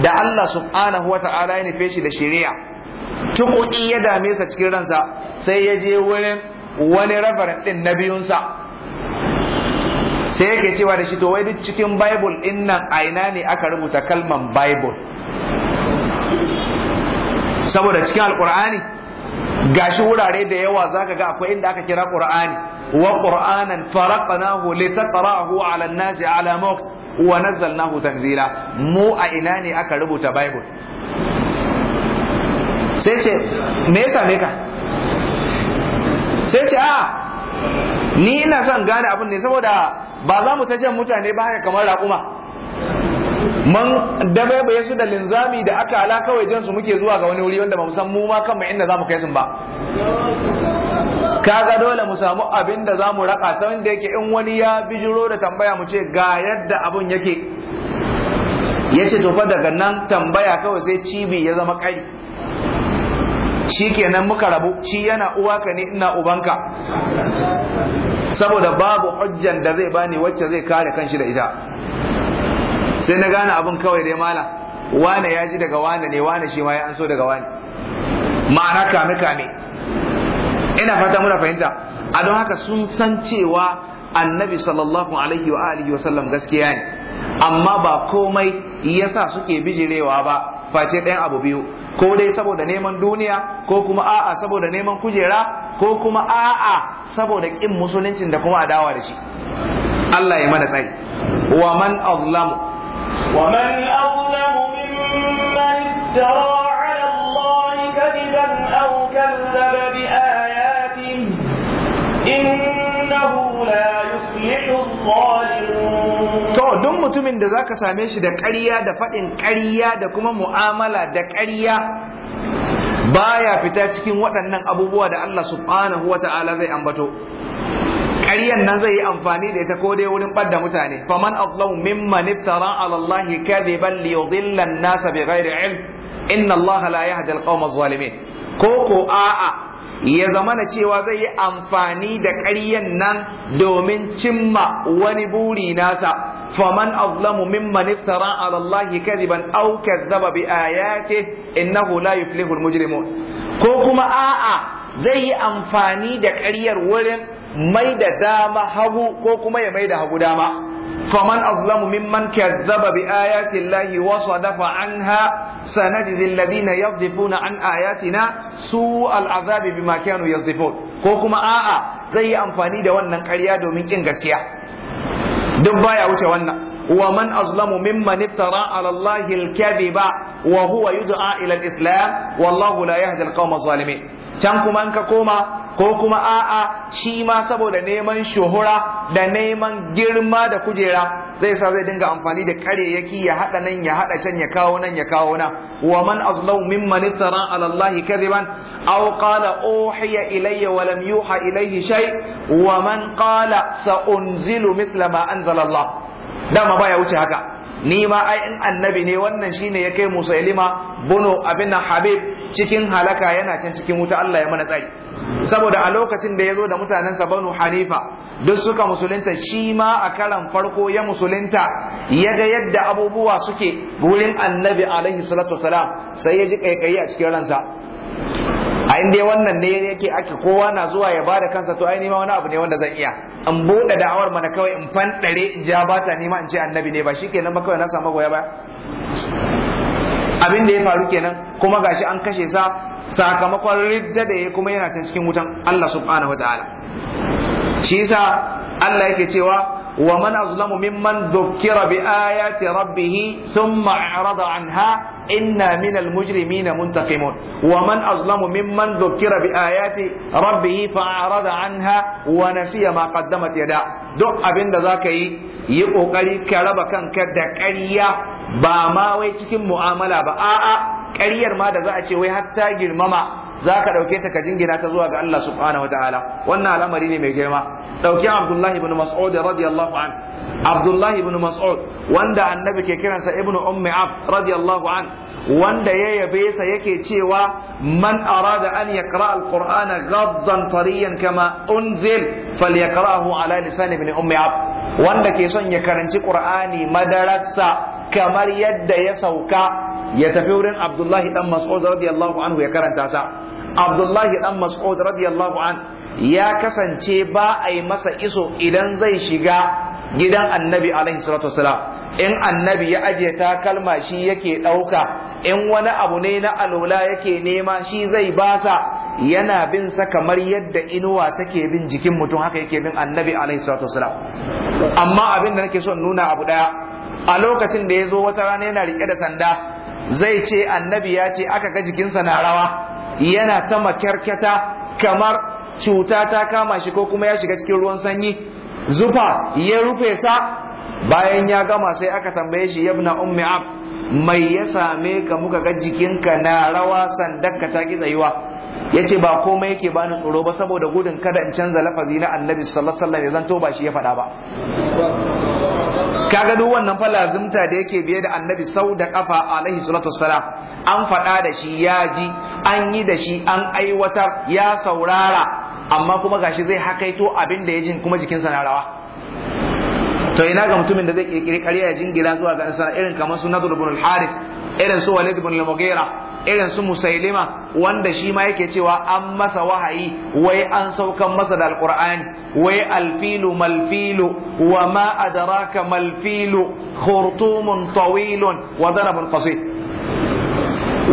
da Allah subhanahu wa ta'ala ya nufe shi da shari'a tukuki ya dame sa cikin ransa sai ya je wurin wani rabaran din na biyunsa sai yake cewa da shi to wai duk cikin bible din nan aina ne aka rubuta kalman bible saboda cikin alkur'ani gashi wurare da yawa zaka ga akwai inda aka kira qur'ani wa qur'anan faraqnahu litaqra'ahu 'ala an-nasi 'ala mawqis wa nazzalnahu tanzila mu a ina ne aka rubuta bible sai ce me yasa ne ka sai ce a ah, ni ina son gane abin ne saboda ba za mu ta jan mutane ba haka kamar raƙuma man dabaibaye su da linzami da aka ala kawai jansu muke zuwa ga wani wuri wanda ba mu san mu ma kanmu inda zamu kai sun ba kaga dole mu samu abin da zamu raka ta wanda yake in wani ya bijiro da tambaya mu ce ga yadda abun yake yace to fa daga nan tambaya kawai sai cibi ya zama kari shikenan muka rabu shi yana uwaka ne ina ubanka saboda babu hujjan da zai bani wacce zai kare kanshi da ita sai na gane abin kawai dai mala wane ya ji daga wane ne wane shi ma ya anso daga wane ma'ana kame kame ina fata muna fahimta a don haka sun san cewa annabi sallallahu alaihi wa alihi wa sallam gaskiya ne amma ba komai yasa suke bijirewa ba face ɗayan abu biyu ko dai saboda neman duniya ko kuma a'a saboda neman kujera ko kuma a'a saboda ƙin musuluncin da kuma adawa da shi Allah ya mana tsayi wa man azlamu ومن أظلم ممن افترى على الله كذبا أو كذب بآياته إنه لا يفلح الظالمون to duk mutumin da zaka same shi da ƙarya da faɗin ƙarya da kuma mu'amala da ƙarya baya fita cikin waɗannan abubuwa da Allah subhanahu wa ta'ala zai ambato ƙaryan nan zai yi amfani da ita ko dai wurin ɓadda mutane faman azlamu mimman iftara ala Allah kadiban li yudilla an-nas bi ghairi ilm inna Allah la yahdi al-qawm adh-dhalimin ko ko a'a ya zama na cewa zai yi amfani da ƙaryan nan domin cimma wani buri nasa faman azlamu mimman iftara ala Allah kadiban aw kadzaba bi ayatihi innahu la yuflihu al-mujrimun ko kuma a'a zai yi amfani da ƙaryar wurin mai da dama hagu ko kuma ya mai da hagu dama faman azlamu mimman kazzaba bi ayati llahi wa sadafa anha sanajzi alladhina yazdifuna an ayatina su al'azabi bima kanu yazdifun ko kuma a'a zai yi amfani da wannan ƙarya domin kin gaskiya duk baya wuce wannan ومن أظلم ممن افترى على الله الكذب وهو يدعى إلى الإسلام والله لا يهدي القوم الظالمين can kuma in ka koma ko kuma a'a shi ma saboda neman shuhura da neman girma da kujera zai sa zai dinga amfani da kareyaki ya hada nan ya hada can ya kawo nan ya kawo nan wa man azlaw mimman ittara ala allahi kadiban aw qala uhiya ilayya wa lam yuha ilayhi shay wa man qala sa unzilu mithla ma anzala allah dama baya wuce haka ni ma ai in annabi ne wannan shine ya kai musailima bunu abin habib cikin halaka yana can cikin wuta Allah ya mana tsari saboda a lokacin da ya zo da mutanensa banu hanifa duk suka musulunta shi ma a karan farko ya musulunta ya ga yadda abubuwa suke wurin annabi alaihi salatu wasalam sai ya ji kaikayi a cikin ransa a inda wannan ne yake ake kowa na zuwa ya bada kansa to ai nima wani abu ne wanda zan iya in buɗe da'awar mana kawai in fanɗare in ja bata nima in ce annabi ne ba shikenan ba kawai na samu goya ba abin da ya faru kenan kuma gashi an kashe sa sakamakon ridda da ya kuma yana can cikin wutan Allah subhanahu wa shi yasa Allah yake cewa wa man azlamu mimman dhukkira bi ayati rabbih thumma a'rada anha inna minal mujrimina muntaqimun wa man azlamu mimman dhukkira bi ayati rabbih fa'arada anha wa nasiya ma qaddamat yada duk abinda zaka yi yi kokari ka raba kan da ƙarya ba ma wai cikin mu'amala ba a'a ƙaryar ma da za a ce wai har ta girmama za ka ɗauke ta ka jingina ta zuwa ga Allah subhanahu wa ta'ala wannan al'amari ne mai girma ɗauki Abdullahi ibn Mas'ud radiyallahu an Abdullahi ibn Mas'ud wanda annabi ke kiransa ibn Ummi Ab radiyallahu an wanda ya yabe sa yake cewa man arada an yaqra al-Qur'ana ghaddan tariyan kama unzil falyaqrahu ala lisan ibn Ummi Ab wanda ke son ya karanci Qur'ani madarasa kamar yadda ya sauka ya tafi wurin Abdullahi dan Mas'ud radiyallahu anhu ya karanta sa Abdullahi dan Mas'ud radiyallahu an ya kasance ba a yi masa iso idan zai shiga gidan Annabi alaihi salatu wasalam in Annabi ya ajiye ta kalma shi yake ɗauka in wani abu ne na alola yake nema shi zai basa yana bin sa kamar yadda inuwa take bin jikin mutum haka yake bin Annabi alaihi salatu wasalam amma abin da nake so nuna abu daya a lokacin da ya zo wata rana yana rike da sanda zai ce annabi ya ce aka ga jikinsa na rawa yana ta makyarkyata kamar cuta ta kama shi ko kuma ya shiga cikin ruwan sanyi zufa ya rufe sa bayan ya gama sai aka tambaye shi yabna ummi ab mai ya same ka muka ga jikinka na rawa ka ta ki tsayuwa yace ba komai yake bani tsoro ba saboda gudun kada in canza lafazi na annabi sallallahu alaihi wasallam ya zanto ba shi ya faɗa ba kaga duk wannan fa lazimta da yake biye da annabi sau da kafa alaihi salatu wassalam an faɗa da shi ya ji an yi da shi an aiwatar ya saurara amma kuma gashi zai hakaito abin da ya jin kuma jikinsa na rawa to ina ga mutumin da zai kirkiri ƙarya ya jingira zuwa ga irin kamar su nadr ibn al-harith irin su walid ibn al-mughira irin su musailima wanda shi ma yake cewa an masa wahayi wai an saukan masa da alqur'ani wai alfilu malfilu wa ma adraka malfilu khurtumun tawilun wa darabun qasid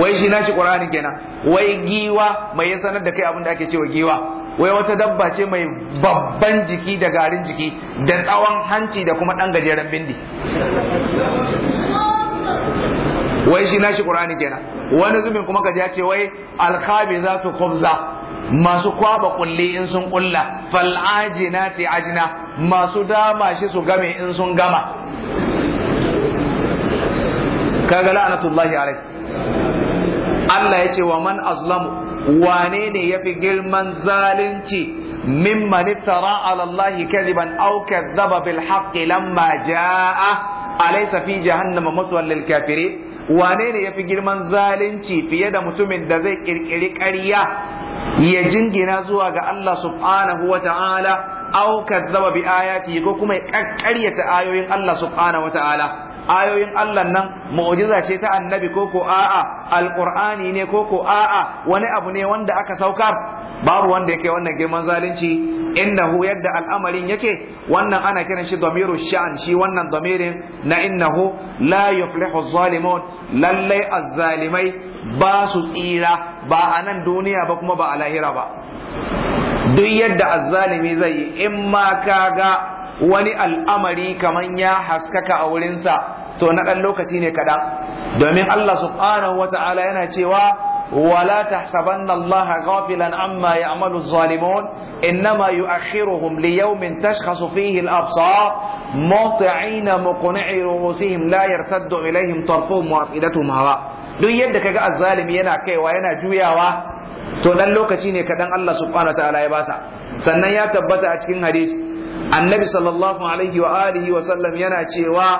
wai shi nashi qur'ani kenan wai giwa mai ya sanar da kai abin da ake cewa giwa wai wata dabba ce mai babban jiki da garin jiki da tsawon hanci da kuma dan gajeren bindi wai shi nashi qur'ani kenan wani zubin kuma kaji ya ce wai tu khubza masu kwaba kulli in sun kulla fal ajinati ajina masu dama shi su game in sun gama kaga la'anatullahi alai Allah ya ce wa man azlamu wane ne yafi girman zalunci mimman iftara ala Allah kadiban aw kadhaba bil haqqi lamma jaa alaysa fi jahannama maswan lil kafirin wane ne fi girman zalunci fiye da mutumin da zai ƙirƙiri ƙarya ya jingina zuwa ga Allah subhanahu wa ta'ala aw kazzaba bi ayati ko kuma ya ƙaƙƙaryata ayoyin Allah subhanahu wa ta'ala ayoyin Allah nan mu'jiza ce ta annabi ko ko a'a alqur'ani ne ko ko a'a wani abu ne wanda aka saukar babu wanda yake wannan girman zalunci innahu yadda al'amarin yake wannan ana kiran shi damiru sha'an shi wannan damirin na innahu la yuflihu zalimun lallai azzalimai ba su tsira ba a nan duniya ba kuma ba a lahira ba duk yadda azzalimi zai yi in ma ka ga wani al'amari kamar ya haskaka a wurinsa to na ɗan lokaci ne kaɗan domin Allah subhanahu wa ta'ala yana cewa ولا تحسبن الله غافلا عما يعمل الظالمون انما يؤخرهم ليوم تشخص فيه الابصار مهطعين مقنعي رؤوسهم لا يرتد اليهم طرفهم وافئدتهم هواء duk yadda ga azzalimi yana kaiwa yana juyawa to dan lokaci ne kaɗan, Allah subhanahu wataala ya basa sannan ya tabbata a cikin hadisi annabi sallallahu alaihi wa alihi wa sallam yana cewa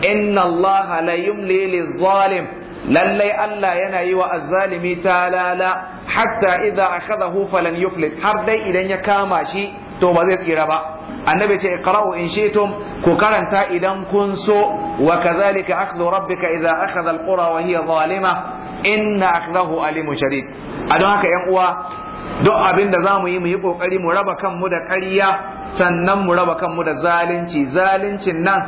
inna allaha la yumli zalim, lallai Allah yana yi wa azzalimi talala hatta idza akhadahu falan yuflit har dai idan ya kama shi to ba zai tsira ba annabi ce iqra'u in shi'tum ku karanta idan kun so wa kadhalika akhdhu rabbika idza akhadha alqura wa hiya zalima inna akhdahu alimun shadid a don haka yan uwa duk abin da za mu yi mu yi mu raba kanmu da ƙarya sannan mu raba kanmu da zalunci zaluncin nan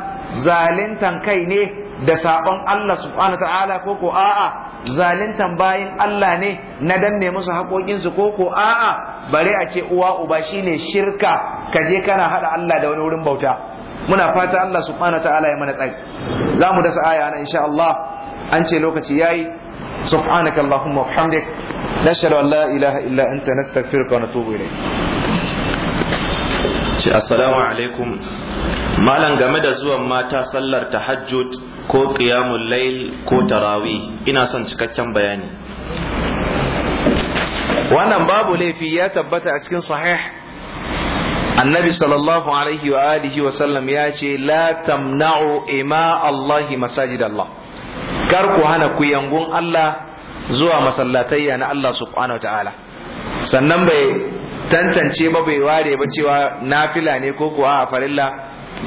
zaluntan kai ne da sabon Allah subhanahu ta'ala ko ko a'a zaluntan bayin Allah ne na danne musu haƙoƙinsu ko ko a'a bare a ce uwa uba shine shirka ka je kana hada Allah da wani wurin bauta muna fata Allah subhanahu ta'ala ya mana tsari za mu dasa aya na insha Allah an ce lokaci yayi subhanakallahumma wa bihamdik nashhadu an la ilaha illa anta nastaghfiruka wa natubu ilayk ce assalamu alaikum malam game da zuwan mata sallar tahajjud ko qiyamul lail ko Tarawi, ina son cikakken bayani wannan babu laifi ya tabbata a cikin sahih annabi sallallahu alaihi wa alihi wa sallam ya ce la tamna'u ima Allah masajid Allah kar ku hana ku yangun Allah zuwa masallatayya na Allah subhanahu wa ta'ala sannan bai tantance ba bai ware ba cewa nafila ne ko kuwa a farilla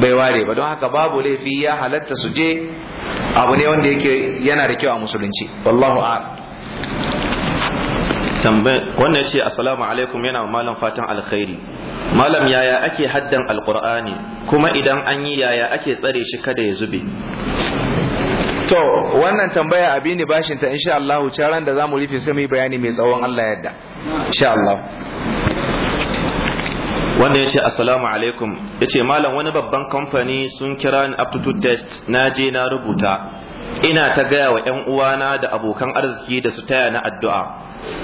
bai ware ba don haka babu laifi ya halatta su je abu ne wanda yake yana da kyau a musulunci wallahu a'lam wannan ce assalamu alaikum yana malam fatan alkhairi malam yaya ake haddan alqur'ani kuma idan an yi yaya ake tsare shi kada ya zube to wannan tambaya abi ne bashin ta insha Allah caran da zamu rufe sai mu yi bayani mai tsawon Allah yadda insha Allah wanda ya ce assalamu alaikum ya ce malam wani babban kamfani sun kira ni two test na je na rubuta ina ta gaya wa 'yan uwana da abokan arziki da su taya na addu'a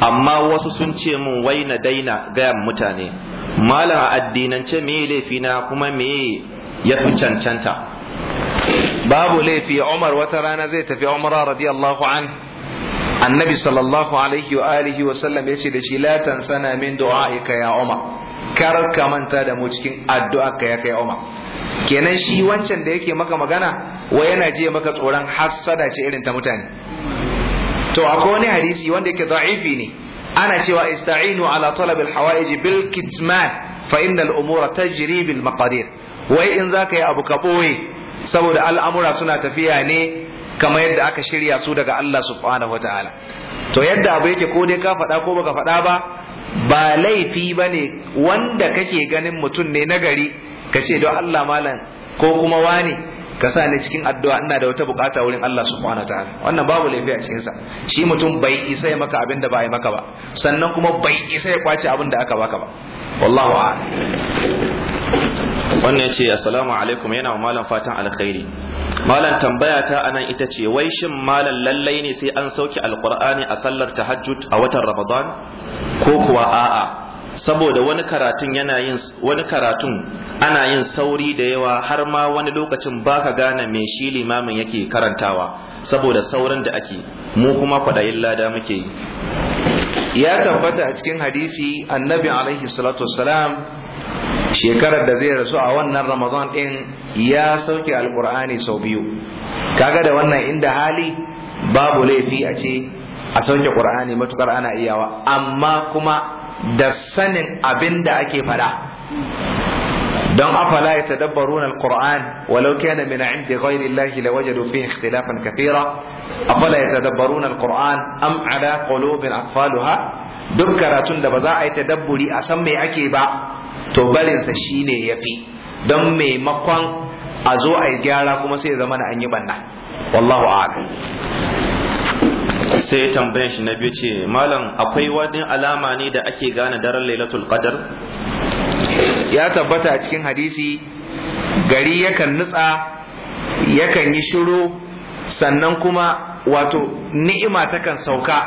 amma wasu sun ce min wai na daina gaya mutane malam a addinance me laifi na kuma me ya fi cancanta babu laifi umar wata rana zai tafi umar radiyallahu an annabi sallallahu alaihi wa alihi wa sallam ya ce da shi la tansana min du'a'ika ya umar kar ka manta da mu cikin addu'a ka ya kai Umar kenan shi wancan da yake maka magana Wai yana je maka tsoron hassada ce irin ta mutane to akwai wani hadisi wanda yake da'ifi ne ana cewa ista'inu ala talab al-hawa'ij bil kitman fa innal umura tajri bil maqadir wai in zaka yi abu ka boye saboda al'amura suna tafiya ne kamar yadda aka shirya su daga Allah subhanahu wataala to yadda abu yake ko dai ka faɗa ko baka faɗa ba ba laifi ba ne wanda kake ganin mutum ne nagari ka ce don Allah malam ko kuma wani ka sa ni cikin addu'a ina da wata bukata wurin Allah subhanahu ta'ala wannan babu laifi a cikin sa shi mutum bai isa ya maka abin da yi maka ba sannan kuma bai isa ya kwace abin da aka baka ba wallahu a'lam wannan ce assalamu alaikum yana malam fatan alkhairi malam tambaya ta anan ita ce wai shin malam lallai ne sai an sauke alqur'ani a sallar tahajjud a watan ramadan ko kuwa a'a saboda wani karatun yana yin wani karatun ana yin sauri da yawa har ma wani lokacin baka gane me shi limamin yake karantawa saboda saurin da ake mu kuma kwadayin lada muke yi ya tabbata a cikin hadisi annabi alaihi salatu wassalam shekarar da zai rasu a wannan ramadan din ya sauke alkur'ani sau biyu kaga da wannan inda hali babu laifi a ce a sauke qur'ani matukar ana iyawa amma kuma da sanin abin da ake fada don afala ya tadabbaruna alquran walau kana min indi ghayri allahi lawajadu fihi ikhtilafan kathira afala ya tadabbaruna alquran am ala qulubin aqfaluha duk karatun da ba za a yi tadabburi a san me ake ba to barinsa shine ya fi don maimakon a zo a yi gyara kuma sai zama da an yi banna wallahu a'ala sai tambayar shi na biyu ce malam akwai wani alama ne da ake gane daren lailatul qadar ya tabbata a cikin hadisi gari yakan nutsa yakan yi shiru sannan kuma wato ni'ima takan sauka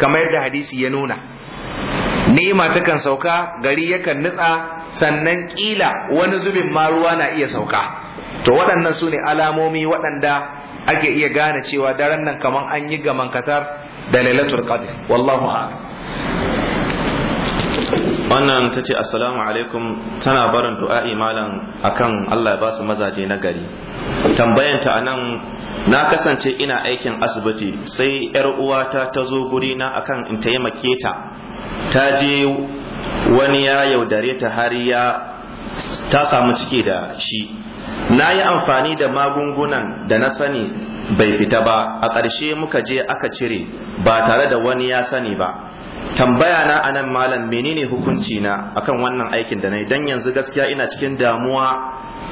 kamar yadda hadisi ya nuna ni'ima takan sauka gari yakan nutsa sannan kila wani zubin ma ruwa na iya sauka to waɗannan su ne alamomi waɗanda ake iya gane cewa daren nan kaman an yi gaman katar da lailatul qadr wallahu wannan ta ce assalamu alaikum tana barin du'a'i malam akan Allah ya ba su mazaje na gari tambayanta a nan na kasance ina aikin asibiti sai yar uwata ta zo guri na akan in taimake ta ta je wani ya yaudare ta har ya ta samu ciki da shi na yi amfani da magungunan da na sani bai fita ba a ƙarshe muka je aka cire ba tare da wani ya sani ba tambaya na anan malam menene hukunci na akan wannan aikin da na yi don yanzu gaskiya ina cikin damuwa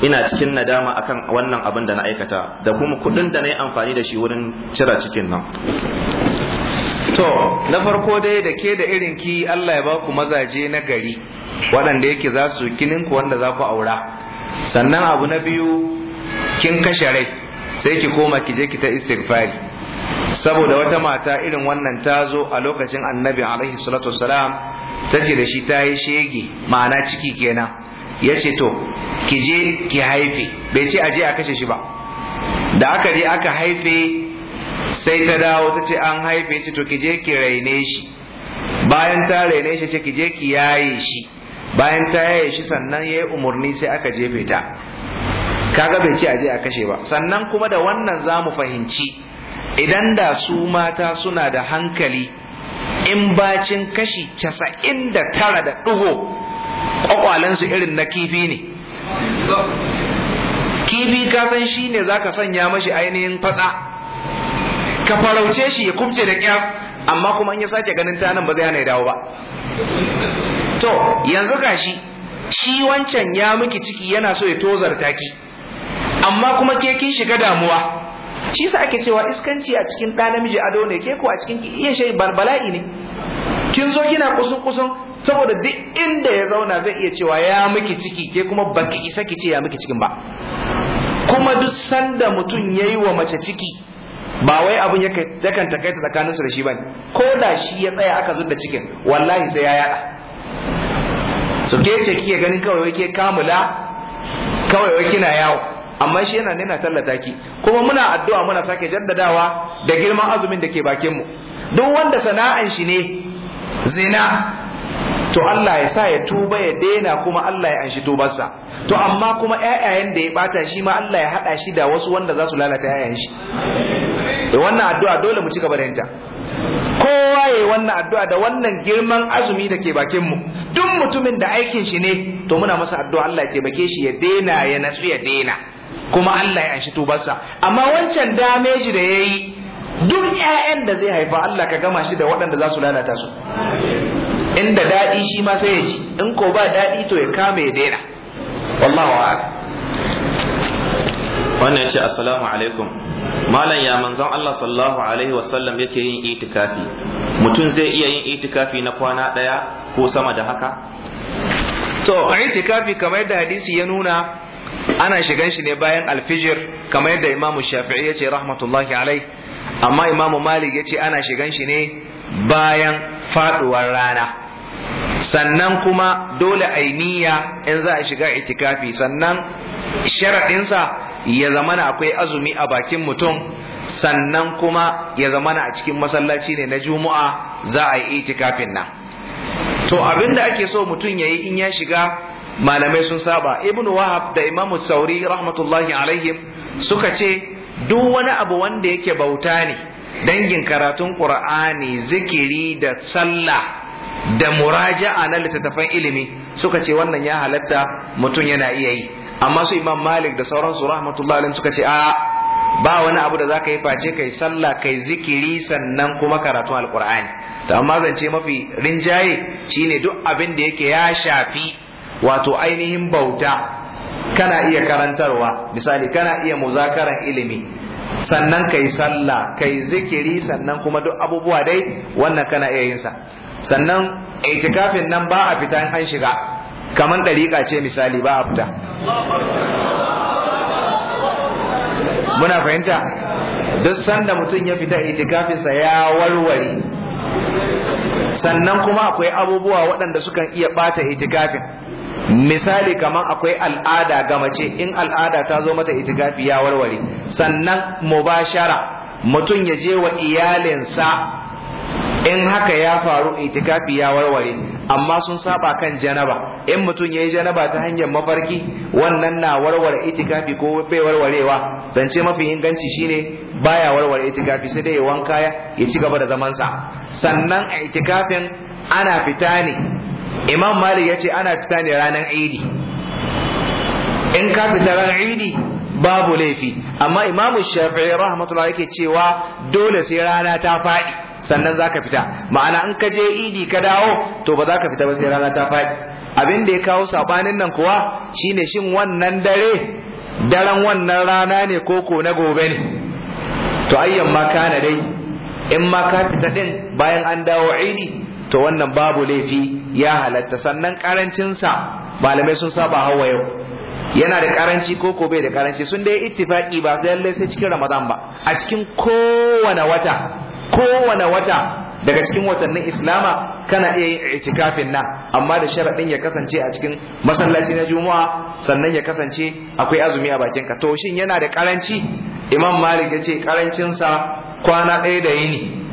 ina cikin nadama akan wannan abin da na aikata da kuma kudin da na yi amfani da shi wurin cira cikin nan to na farko dai da ke da irin ki Allah ya baku mazaje na gari waɗanda yake za su ku wanda za ku aura sannan abu na biyu kin kashe rai sai ki koma ki je ki ta istighfari saboda wata mata irin wannan ta zo a lokacin annabi alaihi salatu wasalam ta ce da shi ta yi shege ma'ana ciki kenan ya ce to ki je ki haife bai ce a je a kashe shi ba da aka je aka haife sai ta dawo ta ce an haife shi to ki ki raine shi bayan ta raine shi ce ki je ki yaye shi bayan ta yaye shi sannan yayi umurni sai aka jefe ta kaga bai ce aje a kashe ba sannan kuma da wannan za mu fahimci idan da su mata suna da hankali in bacin kashi casa'in da tara da ɗigo ƙwaƙwalensu irin na kifi ne kifi kasan shi ne za ka sanya mashi ainihin fada ka farauce shi ya kubce da kyar amma kuma in ya sake ganin ta nan ba zai hana ya dawo ba to yanzu gashi shi wancan ya miki ciki yana so ya tozarta ki amma kuma ke kin shiga damuwa shi sa ake cewa iskanci a cikin ɗa namiji ado ne ke ko a cikin iya shi bala'i ne kin zo kina kusun kusun saboda duk inda ya zauna zai iya cewa ya miki ciki ke kuma baki isa ki ce ya miki cikin ba kuma duk sanda mutum yayi wa mace ciki ba wai abin yakan takaita tsakanin su da shi ba ko da shi ya tsaya aka da cikin wallahi sai ya yada su ke ce kike ganin kawai wake kamula kawai wake na yawo amma shi yana nuna tallata ki kuma muna addu'a muna sake jaddadawa da girman azumin da ke bakin mu duk wanda sana'an shi ne zina to Allah ya sa ya tuba ya daina kuma Allah ya anshi tubarsa to amma kuma ƴaƴayen da ya bata shi ma Allah ya hada shi da wasu wanda za su lalata ƴaƴayen shi da wannan addu'a dole mu ci gaba da yanta kowa yi wannan addu'a da wannan girman azumi da ke bakin mu duk mutumin da aikin shi ne to muna masa addu'a Allah ya taimake shi ya daina ya natsu ya daina kuma Allah ya anshi tubarsa amma wancan dameji da yayi duk ƴaƴan da zai haifa Allah ka gama shi da waɗanda za su lalata su inda daɗi shi ma sai ya ji in ko ba daɗi to ya kama ya daina wallahu a'lam wannan ce assalamu alaikum malam ya manzon Allah sallallahu alaihi wasallam yake yin itikafi mutum zai iya yin itikafi na kwana ɗaya ko sama da haka to itikafi kamar yadda hadisi ya nuna ana shigan shi ne bayan alfijir kamar yadda imamu shafi'i ya ce rahmatullahi alaihi amma imamu malik ya ce ana shigan shi ne bayan faduwar rana sannan kuma dole a niyya in za a shiga itikafi sannan sharaɗinsa ya zamana akwai azumi a bakin mutum sannan kuma ya zamana a cikin masallaci ne na juma'a za a yi itikafin nan to abinda ake so mutum ya yi in ya shiga malamai sun saba ibn wahab da imamu sauri rahmatullahi alaihim suka ce duk wani abu wanda yake bauta ne dangin karatun qur'ani zikiri da sallah da muraja'a na littattafan ilimi suka ce wannan ya halatta mutum yana iya yi amma su imam malik da sauransu rahmatullahi alaihi suka ce a ba wani abu da za ka yi face kai sallah kai zikiri sannan kuma karatun alqur'ani to amma zance mafi rinjaye shine duk abin da yake ya shafi wato ainihin bauta kana iya karantarwa misali kana iya muzakaran ilimi sannan kai sallah kai zikiri sannan kuma duk abubuwa dai wannan kana iya yin sannan itikafin nan ba a fita an shiga kamar ɗariƙa ce misali ba a fita muna fahimta duk sanda mutum ya fita itikafinsa ya warware sannan kuma akwai abubuwa waɗanda sukan iya ɓata itikafin misali kamar akwai al'ada ga mace in al'ada ta zo mata itikafi ya warware sannan mubashara mutum ya je wa iyalinsa in haka ya faru itikafi ya warware amma sun saba kan janaba in mutum ya yi janaba ta hanyar mafarki wannan na warware itikafi ko bai warwarewa zance mafi inganci shine baya warware itikafi sai dai ya wanka ya ci gaba da zaman sa sannan a itikafin ana fita ne imam malik ya ce ana fita ne ranar idi in ka fita ranar idi babu laifi amma imam shafi'i rahmatullahi yake cewa dole sai rana ta faɗi sannan zaka fita ma'ana in ka je idi ka dawo to ba za fita ba sai rana ta fadi abin da ya kawo sabanin nan kuwa shine shin wannan dare daren wannan rana ne ko na gobe ne to ayyan ma kana dai in ma ka fita din bayan an dawo idi to wannan babu laifi ya halatta sannan karancinsa malamai sun saba hawa yau yana da karanci ko ko bai da karanci sun dai ittifaki ba sai lallai sai cikin ramadan ba a cikin kowane wata kowane wata daga cikin watannin islama kana iya yin itikafin nan amma da sharaɗin ya kasance a cikin masallaci na juma'a sannan ya kasance akwai azumi a bakin ka to shin yana da karanci imam malik ya ce sa kwana ɗaya da yini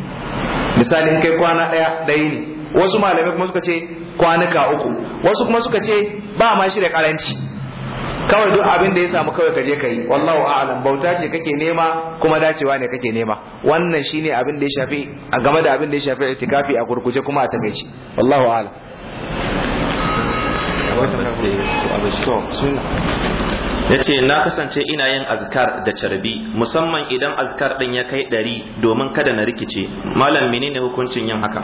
misalin kai kwana ɗaya da yini wasu malamai kuma suka ce kwanuka uku wasu kuma suka ce ba ma shi da karanci kawai duk abin da ya samu kawai kaje kai wallahu a'lam bauta ce kake nema kuma dacewa ne kake nema wannan shine abin da ya shafi a game da abin da ya shafi itikafi a kurkuce kuma a takaici wallahu a'lam ya ce na kasance ina yin azkar da carbi musamman idan azkar ɗin ya kai ɗari domin kada na rikice malam menene hukuncin yin haka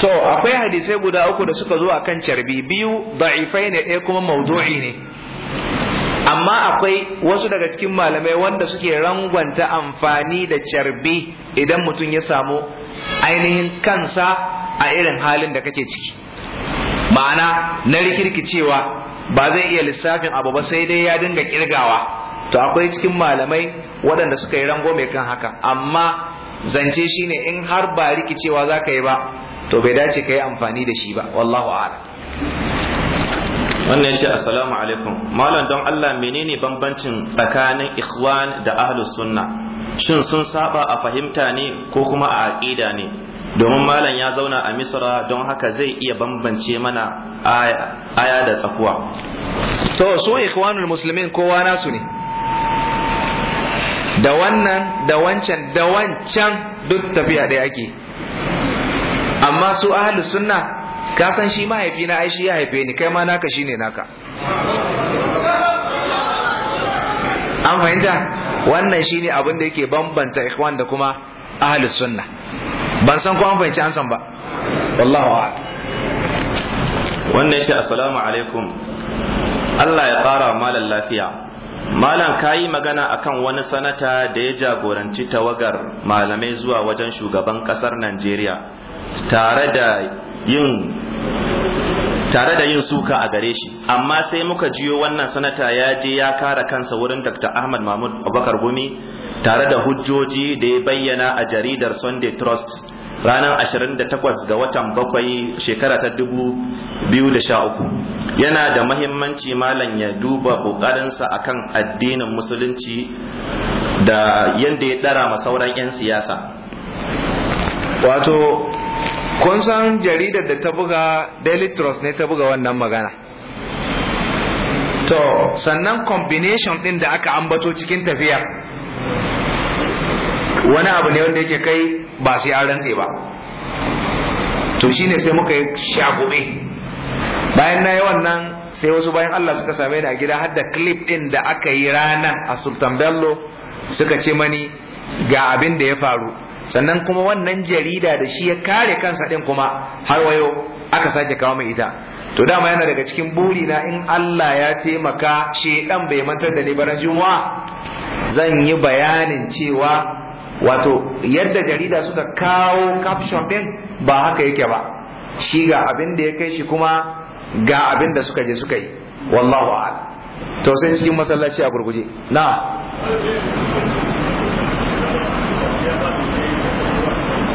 to akwai hadisai guda uku da suka zo akan carbi biyu da'ifai ne ɗaya kuma maudu'i ne amma akwai wasu daga cikin malamai wanda suke rangwanta amfani da carbi idan mutum ya samu ainihin kansa a irin halin da kake ciki ma'ana na rikirkicewa ba zai iya lissafin abu ba sai dai ya dinga kirgawa to akwai cikin malamai waɗanda suka yi rango mai kan haka amma zance shine in har ba rikicewa za ka yi ba to bai dace ka yi amfani da shi ba wallahu a'lam wannan yace assalamu alaikum malam don Allah menene bambancin tsakanin ikhwan da ahlus sunna shin sun saba a fahimta ne ko kuma a aqida ne domin malam ya zauna a misra don haka zai iya bambance mana aya da tsakuwa to su ikhwanul muslimin kowa nasu ne da wannan da wancan da wancan duk tafiya ɗaya ake amma su ahlus sunna ka san shi mahaifi na aishi ya haife ni kai ma naka shi ne naka an fahimta wannan ne abin da yake bambanta ikhwan da kuma ahalus sunna ban san ko an fahimci an san ba wallahu a wannan shi assalamu alaikum Allah ya ƙara malam lafiya malam yi magana akan wani sanata da ya jagoranci tawagar malamai zuwa wajen shugaban ƙasar Najeriya tare da yin tare da yin suka a gare shi amma sai muka jiyo wannan sanata ya je ya kara kansa wurin dr ahmad mahmud abubakar gumi tare da hujjoji da ya bayyana a jaridar sunday trust ranar 28 ga watan bakwai shekara ta 2013 yana da mahimmanci malam ya duba kokarinsa akan addinin musulunci da yadda ya dara ma sauran 'yan siyasa wato kun san jaridar da ta buga daily trust ne ta buga wannan magana to sannan combination din da aka ambato cikin tafiya wani abu ne wanda yake kai ba sai an rantse ba to shine sai muka yi shagube bayan na yi wannan sai wasu bayan Allah suka same ni a gida har da clip din da aka yi ranar a Sultan Bello suka ce mani ga abin da ya faru sannan kuma wannan jarida da shi ya kare kansa din kuma har wayo aka sake kawo mai ita to dama yana daga cikin buri na in Allah ya taimaka shedan bai mantar da ni baran zan yi bayanin cewa wato yadda jarida suka kawo caption din ba haka yake ba shi ga abin da ya kai shi kuma ga abin da suka je suka yi wallahu a'lam to sai cikin masallaci a gurguje na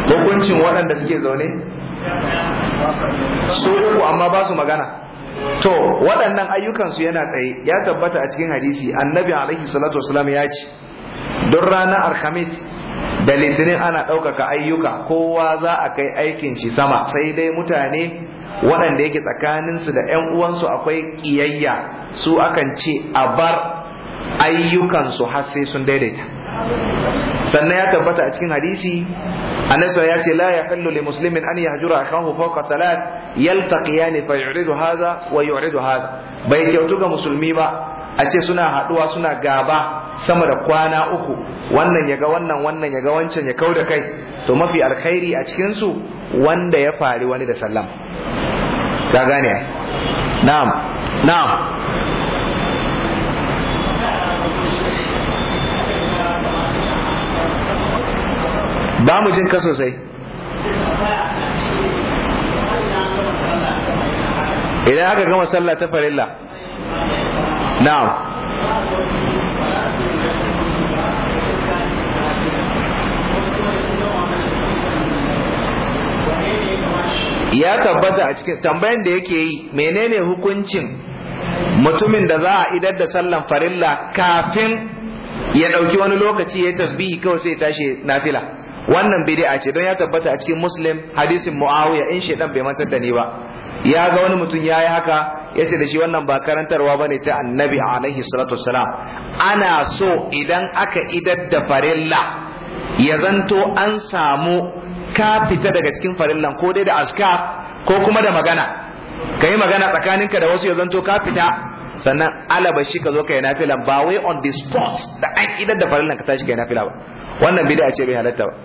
hukuncin waɗanda suke zaune su uku amma ba su magana to waɗannan ayyukansu yana tsaye ya tabbata a cikin hadisi annabi alaihi salatu wasalam ya ce don ranar alhamis da litinin ana ɗaukaka ayyuka kowa za a kai aikin shi sama sai dai mutane waɗanda yake tsakaninsu da 'yan uwansu akwai ƙiyayya su akan ce a bar ayyukansu har sai sun daidaita sannan ya tabbata a cikin hadisi annabi ya ce la yahillu li muslimin an ya yahjura akahu fawqa thalath yaltaqiyani fa yuridu hadha wa yuridu hadha bai kyautu ga musulmi ba a ce suna haduwa suna gaba sama da kwana uku wannan ya ga wannan wannan ya ga wancan ya kau da kai to mafi alkhairi a cikinsu wanda ya fari wani da sallam ka gane na'am na'am ba mu jin ka sosai idan aka gama sallah ta farilla na'am ya tabbata a cikin tambayan da yake yi menene hukuncin mutumin da za a idar da sallan farilla kafin ya ɗauki wani lokaci ya tasbihi kawai sai tashi nafila wannan bid'a ce don ya tabbata a cikin muslim hadisin muawiya in shaidan bai mantar da ni ba ya ga wani mutum ya yi haka ya ce da shi wannan ba karantarwa ba ne ta annabi alaihi salatu wasalam ana so idan aka idar da farilla ya zanto an samu ka fita daga cikin farillan ko dai da aska ko kuma da magana ka yi magana tsakaninka da wasu ya zanto ka fita sannan alaba shi ka zo ka yi nafila ba wai on the spot da an idar da farillan ka tashi ka yi nafila ba wannan bid'a ce bai halatta ba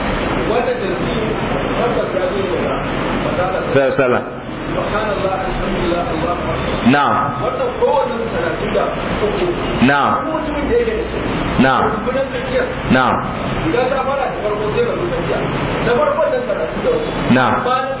wanda na na na na na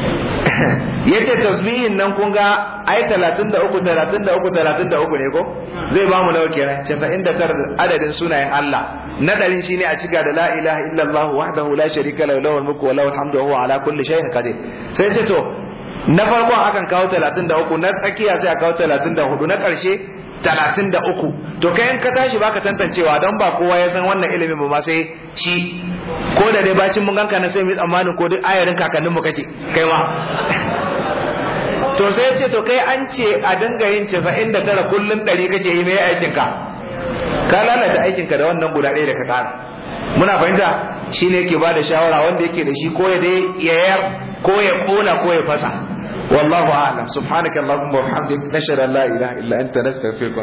ya ce tasbihin nan kun ga ai 33 33 33 ne ko zai ba mu nawa kenan 99 adadin sunayen Allah na ɗarin shine a cika da la ilaha illallah wahdahu la sharika lahu lahul mulku wa lahul hamdu wa huwa ala kulli shay'in qadir sai ce to na farko akan kawo 33 na tsakiya sai a kawo 34 na karshe talatin da uku to kai in ka tashi baka tantancewa don ba kowa ya san wannan ilimin ba ma sai shi ko da dai bacin mun ganka na sai mu tsammanin ko duk ayarin kakannin mu kake kai ma to sai ce to kai an ce a dinga yin casa'in da tara kullum ɗari kake yi mai aikin ka ka lalata aikin ka da wannan guda ɗaya da ka ƙara muna fahimta shine yake ba da shawara wanda yake da shi ko ya dai ya ko ya ƙona ko ya fasa والله أعلم سبحانك اللهم وبحمدك نشهد أن لا إله إلا أنت نستغفرك